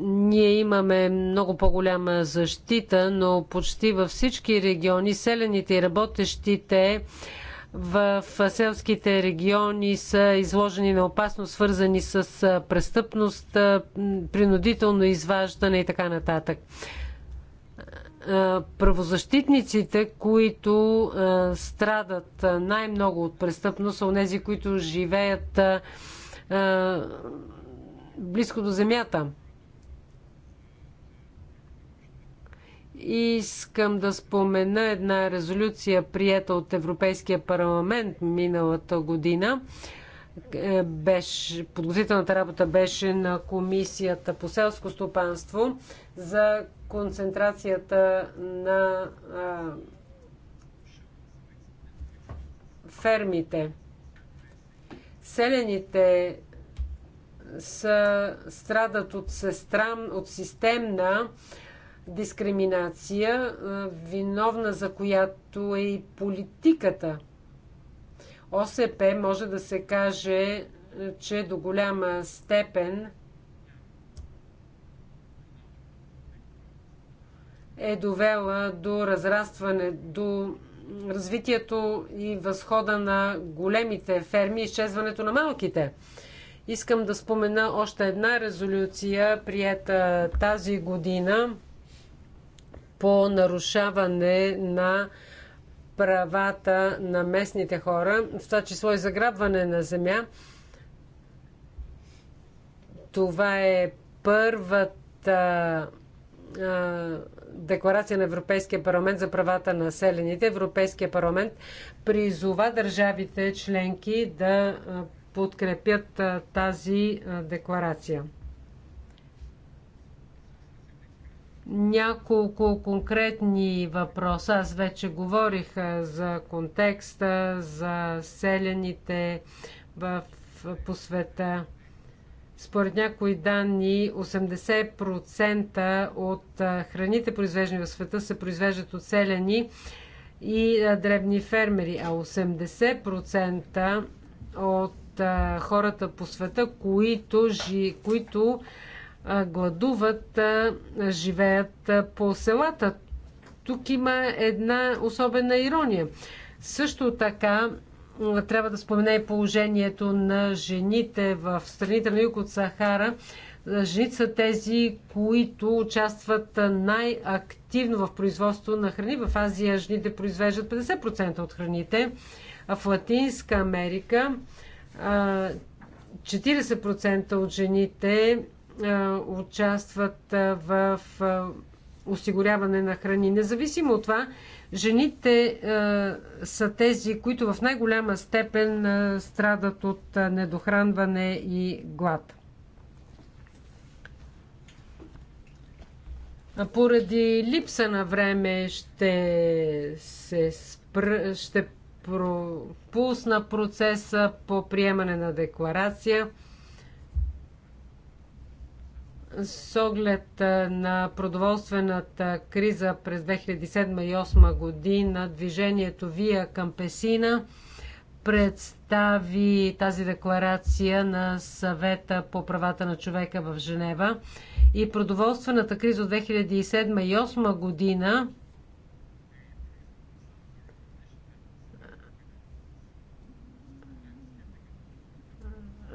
ние имаме много по-голяма защита, но почти във всички региони селените и работещите в селските региони са изложени на опасност, свързани с престъпност, принудително изваждане и така нататък. Правозащитниците, които страдат най-много от престъпност, са тези, които живеят близко до земята. Искам да спомена една резолюция, прията от Европейския парламент миналата година. Е, беше, подготвителната работа беше на Комисията по селско стопанство за концентрацията на а, фермите. Селените са, страдат от, сестрам, от системна дискриминация, виновна за която е и политиката. ОСП може да се каже, че до голяма степен е довела до разрастване, до развитието и възхода на големите ферми и изчезването на малките. Искам да спомена още една резолюция, прията тази година по нарушаване на правата на местните хора, в това число и заграбване на земя. Това е първата декларация на Европейския парламент за правата на селените. Европейския парламент призова държавите членки да подкрепят тази декларация. няколко конкретни въпроса. Аз вече говорих за контекста, за селените в, по света. Според някои данни, 80% от храните, произвеждани в света, се произвеждат от селени и дребни фермери, а 80% от хората по света, които, жи, които гладуват, живеят по селата. Тук има една особена ирония. Също така трябва да спомене и положението на жените в страните на юг от Сахара. Жените са тези, които участват най-активно в производство на храни. В Азия жените произвеждат 50% от храните, а в Латинска Америка 40% от жените е, участват е, в е, осигуряване на храни. Независимо от това, жените са тези, които в най-голяма степен страдат от недохранване и глад. Поради липса на време ще се спр... ще пропусна процеса по приемане на декларация – с оглед на продоволствената криза през 2007 и 2008 година, движението Вия Кампесина представи тази декларация на съвета по правата на човека в Женева. И продоволствената криза от 2007 и 2008 година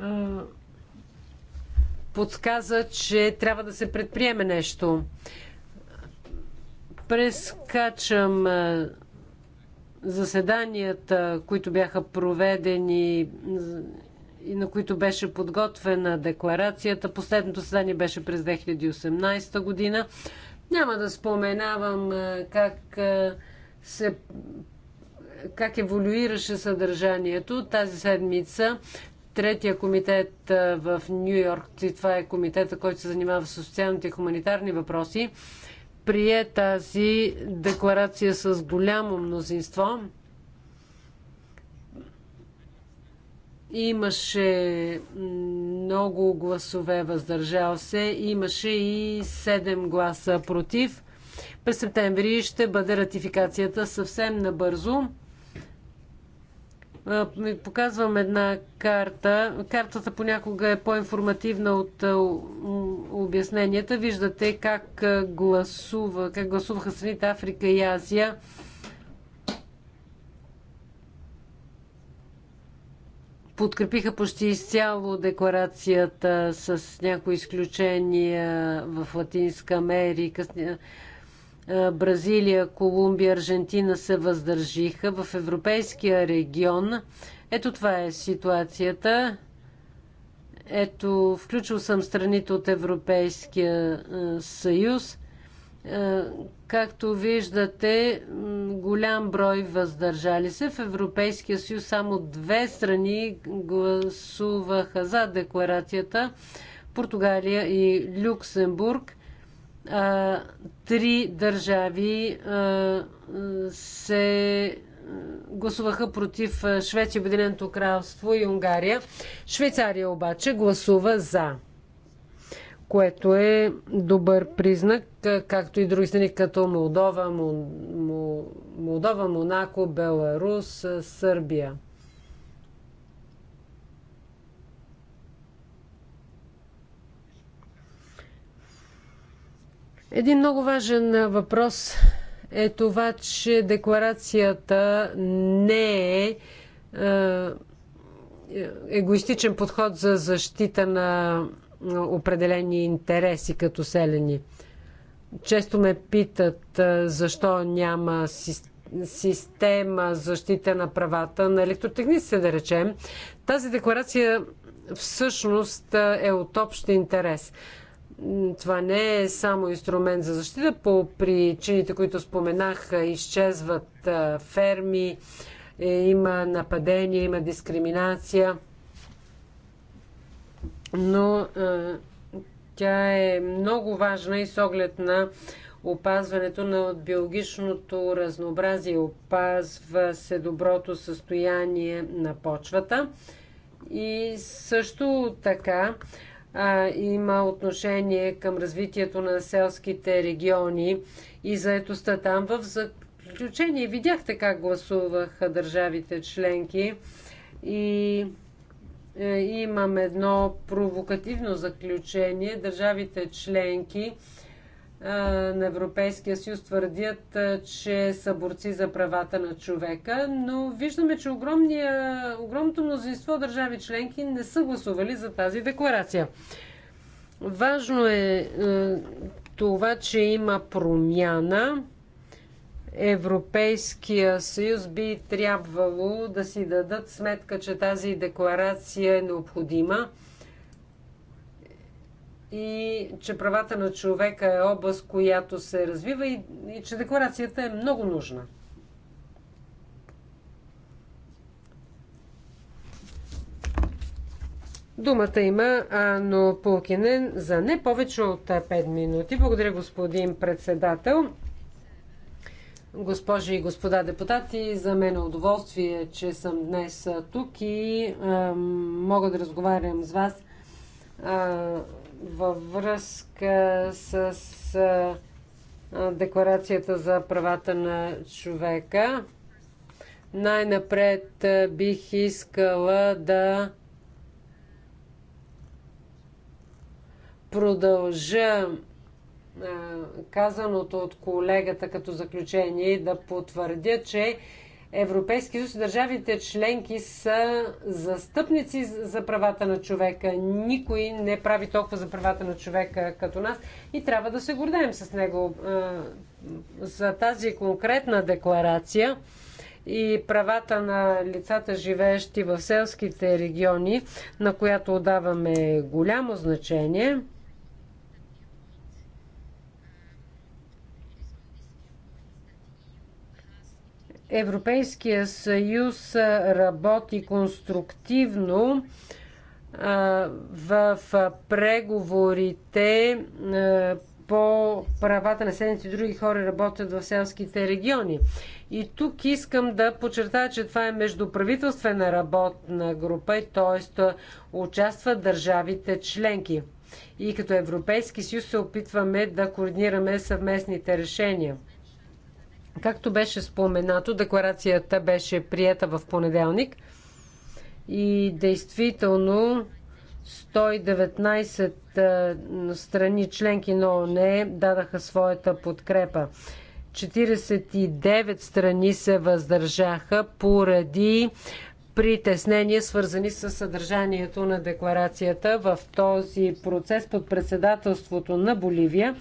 uh подсказа, че трябва да се предприеме нещо. Прескачам заседанията, които бяха проведени и на които беше подготвена декларацията. Последното заседание беше през 2018 година. Няма да споменавам как се как еволюираше съдържанието. Тази седмица третия комитет в Нью Йорк, и това е комитета, който се занимава с социалните и хуманитарни въпроси, прие тази декларация с голямо мнозинство. Имаше много гласове въздържал се, имаше и 7 гласа против. През септември ще бъде ратификацията съвсем набързо показвам една карта. Картата понякога е по-информативна от обясненията. Виждате как, гласува, как гласуваха страните Африка и Азия. Подкрепиха почти изцяло декларацията с някои изключения в Латинска Америка е, Бразилия, Колумбия, Аржентина се въздържиха. В европейския регион ето това е ситуацията. Ето, включил съм страните от Европейския е, съюз. Е, както виждате, голям брой въздържали се. В Европейския съюз само две страни гласуваха за декларацията Португалия и Люксембург три държави се гласуваха против Швеция, Обединеното кралство и Унгария. Швейцария обаче гласува за, което е добър признак, както и други страни, като Молдова, Молдова, Монако, Беларус, Сърбия. Един много важен въпрос е това, че декларацията не е, е егоистичен подход за защита на определени интереси като селени. Често ме питат защо няма система защита на правата на електротехниците, да речем. Тази декларация всъщност е от общ интерес това не е само инструмент за защита. По причините, които споменах, изчезват ферми, е, има нападения, има дискриминация. Но тя е много важна и с оглед на опазването на биологичното разнообразие. Опазва се доброто състояние на почвата. И също така а, има отношение към развитието на селските региони и заетостта там. В заключение видяхте как гласуваха държавите членки и е, имам едно провокативно заключение. Държавите членки на Европейския съюз твърдят, че са борци за правата на човека, но виждаме, че огромния, огромното мнозинство държави членки не са гласували за тази декларация. Важно е това, че има промяна. Европейския съюз би трябвало да си дадат сметка, че тази декларация е необходима и че правата на човека е област, която се развива и, и че декларацията е много нужна. Думата има Ано Пулкинен за не повече от 5 минути. Благодаря, господин председател. Госпожи и господа депутати, за мен е удоволствие, че съм днес тук и а, мога да разговарям с вас във връзка с Декларацията за правата на човека. Най-напред бих искала да продължа казаното от колегата като заключение и да потвърдя, че Европейския съюз, държавите членки са застъпници за правата на човека. Никой не прави толкова за правата на човека като нас и трябва да се гордеем с него. За тази конкретна декларация и правата на лицата, живеещи в селските региони, на която отдаваме голямо значение – Европейския съюз работи конструктивно в преговорите по правата на седните други хора работят в селските региони. И тук искам да подчертая, че това е междуправителствена работна група, т.е. участват държавите членки. И като Европейски съюз се опитваме да координираме съвместните решения. Както беше споменато, декларацията беше приета в понеделник и действително 119 страни членки на ОНЕ, дадаха своята подкрепа. 49 страни се въздържаха поради притеснения, свързани с съдържанието на декларацията. В този процес под председателството на Боливия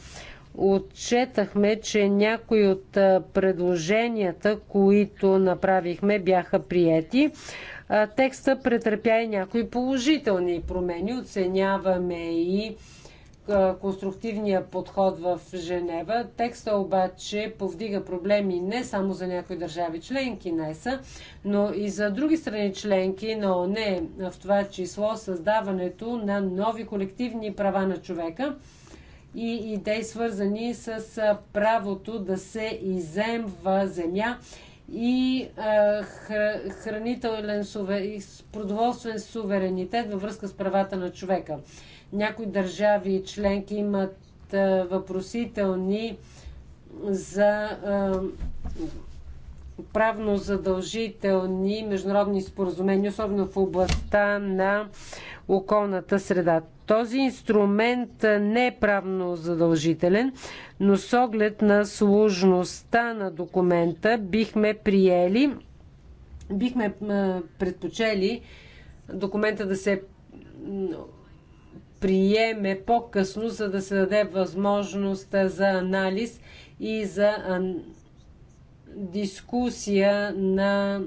Отчетахме, че някои от предложенията, които направихме, бяха приети. Текста претърпя и някои положителни промени. Оценяваме и конструктивния подход в Женева. Текста обаче повдига проблеми не само за някои държави членки на ЕСА, но и за други страни членки на ОНЕ, в това число създаването на нови колективни права на човека – и идеи свързани с правото да се иземва земя и хранителен и продоволствен суверенитет във връзка с правата на човека. Някои държави и членки имат въпросителни за правно задължителни международни споразумения, особено в областта на околната среда. Този инструмент не е правно задължителен, но с оглед на сложността на документа бихме приели, бихме предпочели документа да се приеме по-късно, за да се даде възможност за анализ и за дискусия на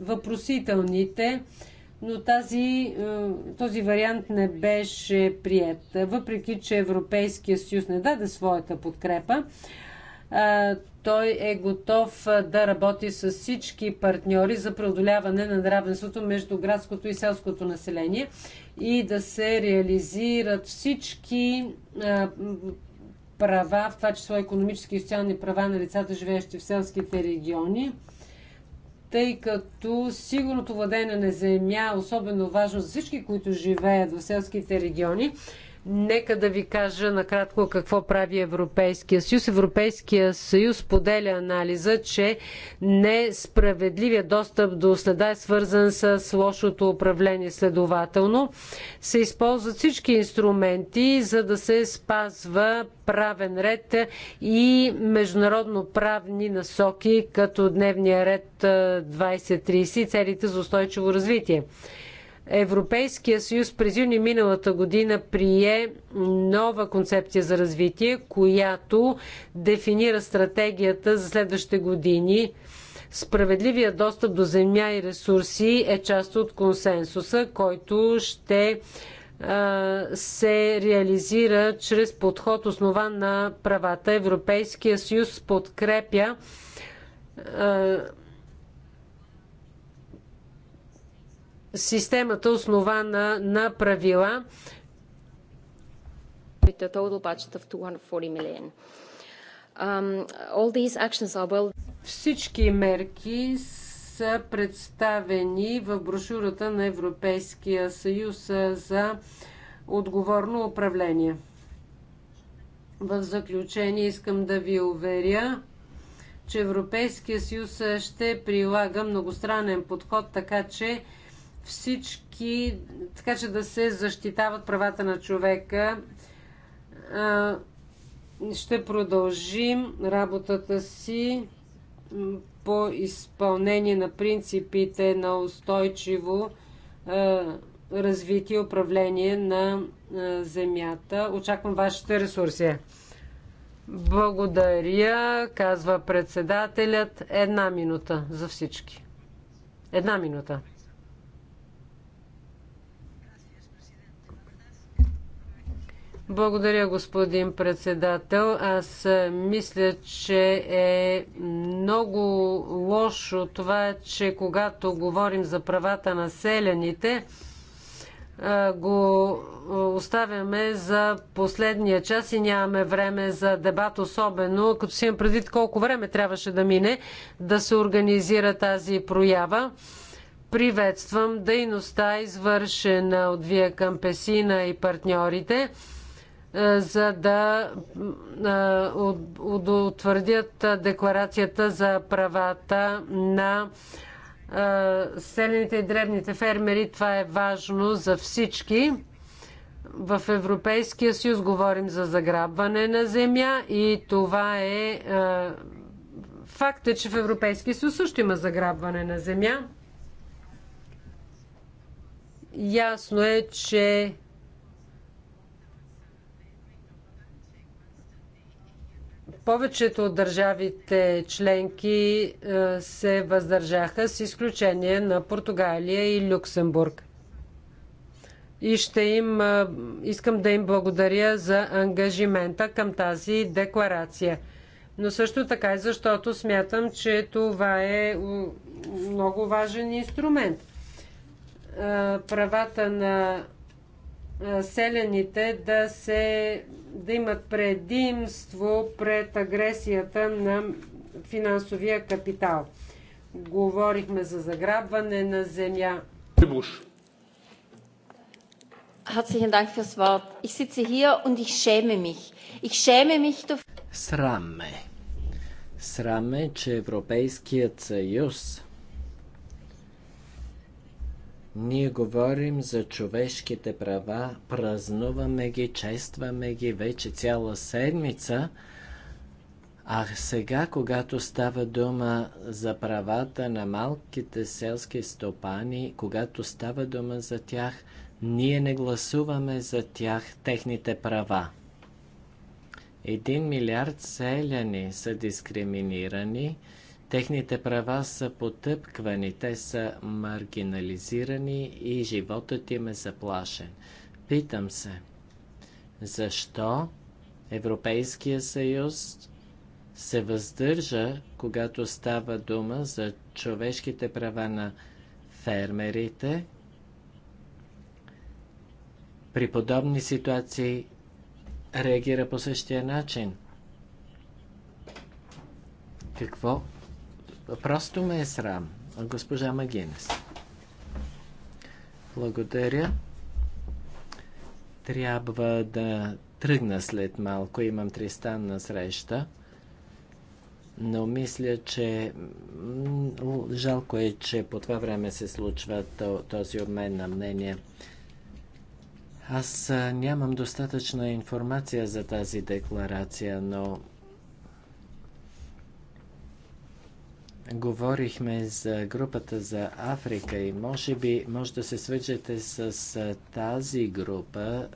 въпросителните но тази, е, този вариант не беше прият. Въпреки, че Европейския съюз не даде своята подкрепа, е, той е готов е, да работи с всички партньори за преодоляване на неравенството между градското и селското население и да се реализират всички права, в това число економически и социални права на лицата, живеещи в селските региони тъй като сигурното владение на земя е особено важно за всички, които живеят в селските региони Нека да ви кажа накратко какво прави Европейския съюз. Европейския съюз поделя анализа, че несправедливия достъп до следа е свързан с лошото управление. Следователно се използват всички инструменти, за да се спазва правен ред и международно правни насоки, като дневния ред 2030 и целите за устойчиво развитие. Европейския съюз през юни миналата година прие нова концепция за развитие, която дефинира стратегията за следващите години. Справедливия достъп до земя и ресурси е част от консенсуса, който ще се реализира чрез подход основа на правата. Европейския съюз подкрепя системата основана на правила. Um, Всички мерки са представени в брошурата на Европейския съюз за отговорно управление. В заключение искам да ви уверя, че Европейския съюз ще прилага многостранен подход, така че всички, така че да се защитават правата на човека. Ще продължим работата си по изпълнение на принципите на устойчиво развитие и управление на земята. Очаквам вашите ресурси. Благодаря, казва председателят. Една минута за всички. Една минута. Благодаря, господин председател. Аз мисля, че е много лошо това, че когато говорим за правата на селяните, го оставяме за последния час и нямаме време за дебат, особено като си имам предвид колко време трябваше да мине да се организира тази проява. Приветствам дейността, извършена от Вие Кампесина и партньорите. Е, за да е, утвърдят е, декларацията за правата на селените и дребните фермери. Това е важно за всички. В Европейския съюз говорим за заграбване на земя и това е факт е, че в Европейския съюз също има заграбване на земя. Ясно е, че Повечето от държавите членки е, се въздържаха с изключение на Португалия и Люксембург. И ще им, е, искам да им благодаря за ангажимента към тази декларация. Но също така и защото смятам, че това е много важен инструмент. Е, правата на е, селяните да, се, да имат предимство пред агресията на финансовия капитал. Говорихме за заграбване на земя. Herzlichen Dank fürs Wort. Ich sitze hier und ich schäme mich. Ich schäme mich Сраме. Сраме, че Европейският съюз ние говорим за човешките права, празнуваме ги, честваме ги вече цяла седмица. А сега, когато става дума за правата на малките селски стопани, когато става дума за тях, ние не гласуваме за тях техните права. Един милиард селяни са дискриминирани Техните права са потъпквани, те са маргинализирани и животът им е заплашен. Питам се, защо Европейския съюз се въздържа, когато става дума за човешките права на фермерите. При подобни ситуации реагира по същия начин. Какво Просто ме е срам. Госпожа Магинес. Благодаря. Трябва да тръгна след малко. Имам тристанна среща. Но мисля, че жалко е, че по това време се случва този обмен на мнение. Аз нямам достатъчна информация за тази декларация, но говорихме за групата за Африка и може би може да се свържете с тази група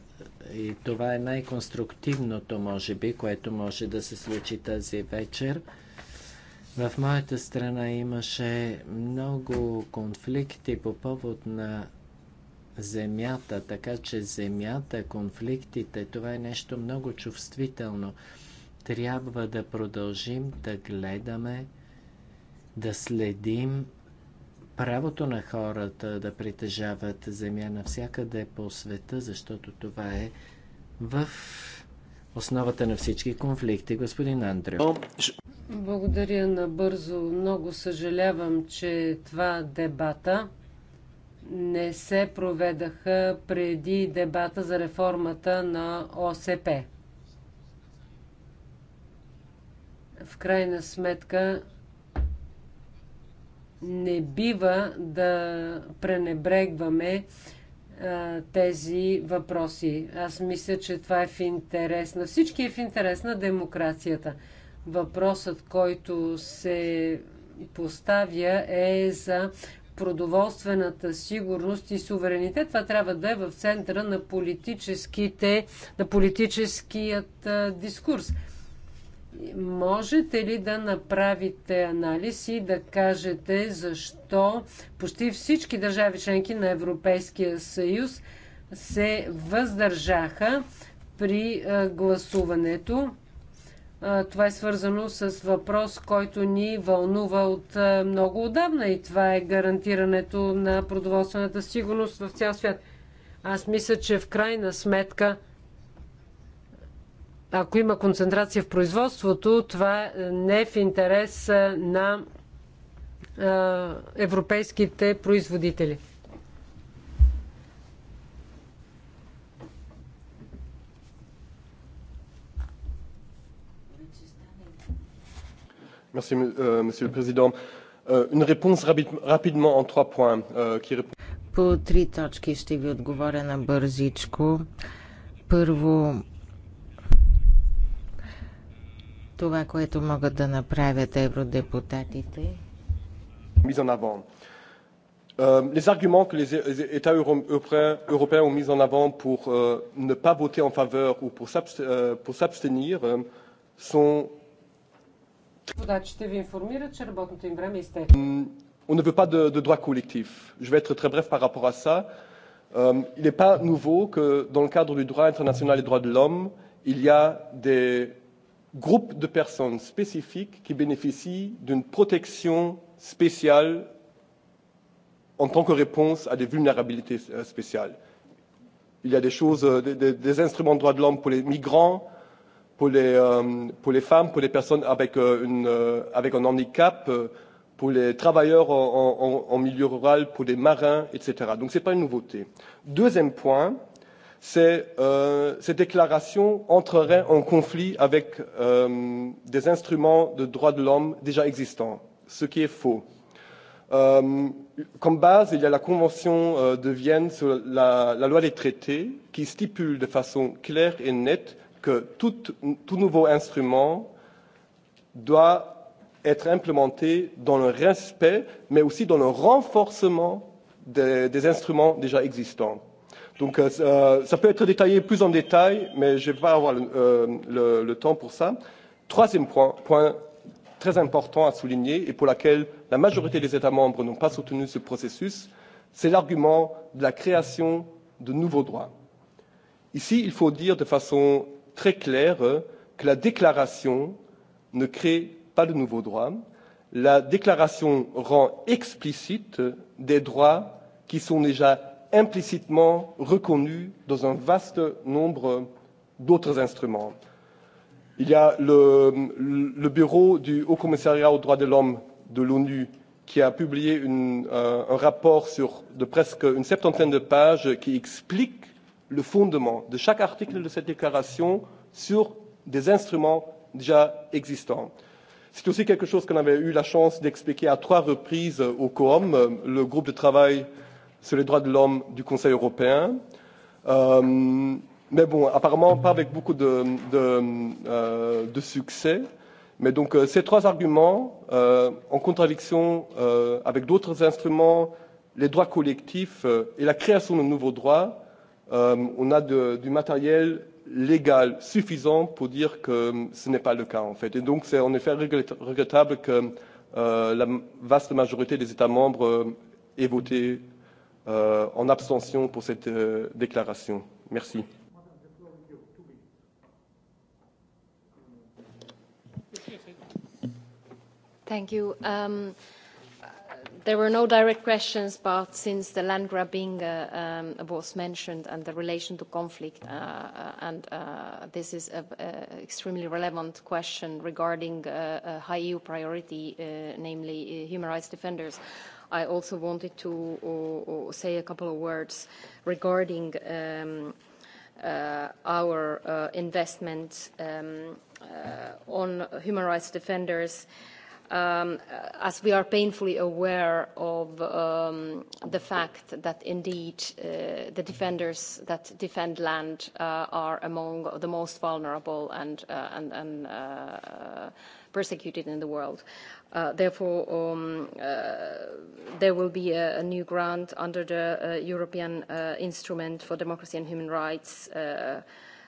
и това е най-конструктивното, може би, което може да се случи тази вечер. В моята страна имаше много конфликти по повод на земята, така че земята, конфликтите, това е нещо много чувствително. Трябва да продължим да гледаме да следим правото на хората да притежават земя навсякъде по света, защото това е в основата на всички конфликти, господин Андрео. Благодаря набързо. Много съжалявам, че това дебата не се проведаха преди дебата за реформата на ОСП. В крайна сметка не бива да пренебрегваме а, тези въпроси. Аз мисля, че това е в интерес на всички, е в интерес на демокрацията. Въпросът, който се поставя е за продоволствената сигурност и суверенитет. Това трябва да е в центъра на, политическите, на политическият дискурс. Можете ли да направите анализ и да кажете защо почти всички държави членки на Европейския съюз се въздържаха при гласуването? Това е свързано с въпрос, който ни вълнува от много отдавна и това е гарантирането на продоволствената сигурност в цял свят. Аз мисля, че в крайна сметка – ако има концентрация в производството, това не е в интерес на европейските производители. Merci, euh, Monsieur le Président. Euh, une réponse rapidement en trois points. Euh, qui répond... По три точки ще ви отговоря на бързичко. Първо, това, което могат да направят евродепутатите. Mise en avant. les arguments que les États européens, ont mis en avant pour ne pas voter en faveur ou pour s'abstenir sont. On ne veut pas de, de droit collectif. Je vais être très bref par rapport à ça. il n'est pas nouveau que dans le cadre du droit international et des droits de l'homme, il y a des groupe de personnes spécifiques qui bénéficient d'une protection spéciale en tant que réponse à des vulnérabilités spéciales. Il y a des choses, des, des instruments de droits de l'homme pour les migrants, pour les, euh, pour les femmes, pour les personnes avec, euh, une, euh, avec un handicap, pour les travailleurs en, en, en milieu rural, pour les marins, etc. Donc ce n'est pas une nouveauté. Deuxième point, ces, euh, ces déclarations entreraient en conflit avec euh, des instruments de droits de l'homme déjà existants, ce qui est faux. Euh, comme base, il y a la Convention euh, de Vienne sur la, la loi des traités qui stipule de façon claire et nette que tout, tout nouveau instrument doit être implémenté dans le respect, mais aussi dans le renforcement des, des instruments déjà existants Donc euh, ça, peut être détaillé plus en détail, mais je vais pas avoir le, euh, le, le temps pour ça. Troisième point, point très important à souligner et pour laquelle la majorité des États membres n'ont pas soutenu ce processus, c'est l'argument de la création de nouveaux droits. Ici, il faut dire de façon très claire que la déclaration ne crée pas de nouveaux droits. La déclaration rend explicite des droits qui sont déjà implicitement reconnu dans un vaste nombre d'autres instruments. Il y a le, le bureau du Haut Commissariat aux droits de l'homme de l'ONU qui a publié une, euh, un rapport sur de presque une septantaine de pages qui explique le fondement de chaque article de cette déclaration sur des instruments déjà existants. C'est aussi quelque chose qu'on avait eu la chance d'expliquer à trois reprises au COOM, le groupe de travail euh, sur les droits de l'homme du Conseil européen. Euh, mais bon, apparemment pas avec beaucoup de, de, euh, de succès. Mais donc euh, ces trois arguments, euh, en contradiction euh, avec d'autres instruments, les droits collectifs euh, et la création de nouveaux droits, euh, on a de, du matériel légal suffisant pour dire que ce n'est pas le cas en fait. Et donc c'est en effet regrettable que euh, la vaste majorité des États membres euh, aient voté en abstention pour cette déclaration. Merci. Thank you. Um, there were no direct questions, but since the land grabbing uh, um, was mentioned and the relation to conflict, uh, and uh, this is an extremely relevant question regarding uh, a high EU priority, uh, namely uh, human rights defenders, I also wanted to say a couple of words regarding our investment on human rights defenders. As we are painfully aware of the fact that indeed uh the defenders that defend land uh are among the most vulnerable and uh uh and and persecuted in the world. Uh, therefore, um, uh, there will be a, a new grant under the uh, European uh, Instrument for Democracy and Human Rights uh,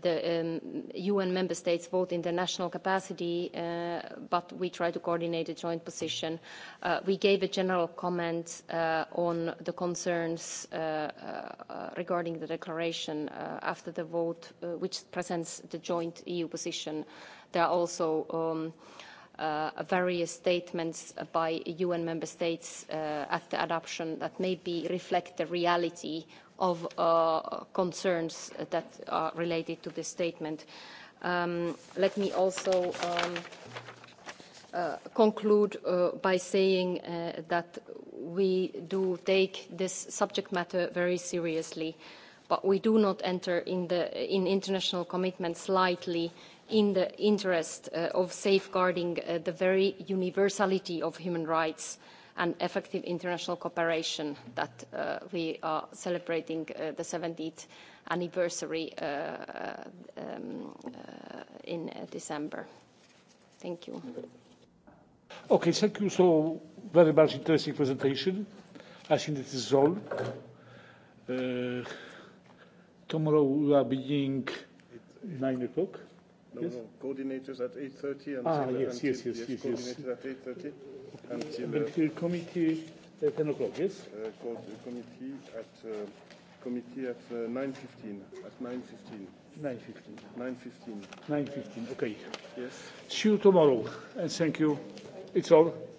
the UN member states vote in their national capacity, but we try to coordinate a joint position. we gave a general comment on the concerns regarding the declaration after the vote, which presents the joint EU position. There are also various statements by UN member states at the adoption that maybe reflect the reality of concerns that are related to this statement. let me also conclude by saying that we do take this subject matter very seriously, but we do not enter in, the international commitments lightly in the interest of safeguarding the very universality of human rights uh, and effective international cooperation that uh, we are celebrating uh, the 70th anniversary uh, uh, um, in uh, December. Thank you. Okay, thank you so very much interesting presentation. I think this is all. Uh, Tomorrow we are beginning 9 o'clock. No, yes? no. Coordinators at 8:30 Ah, Yes, yes, yes. Yes, yes. coordinators at 8:30 until, committee at 10 o'clock, yes? Uh, called the committee at uh, committee at uh, 9.15, at 9.15. 9.15. 9.15. 9.15, okay. Yes. See you tomorrow, and thank you. It's all.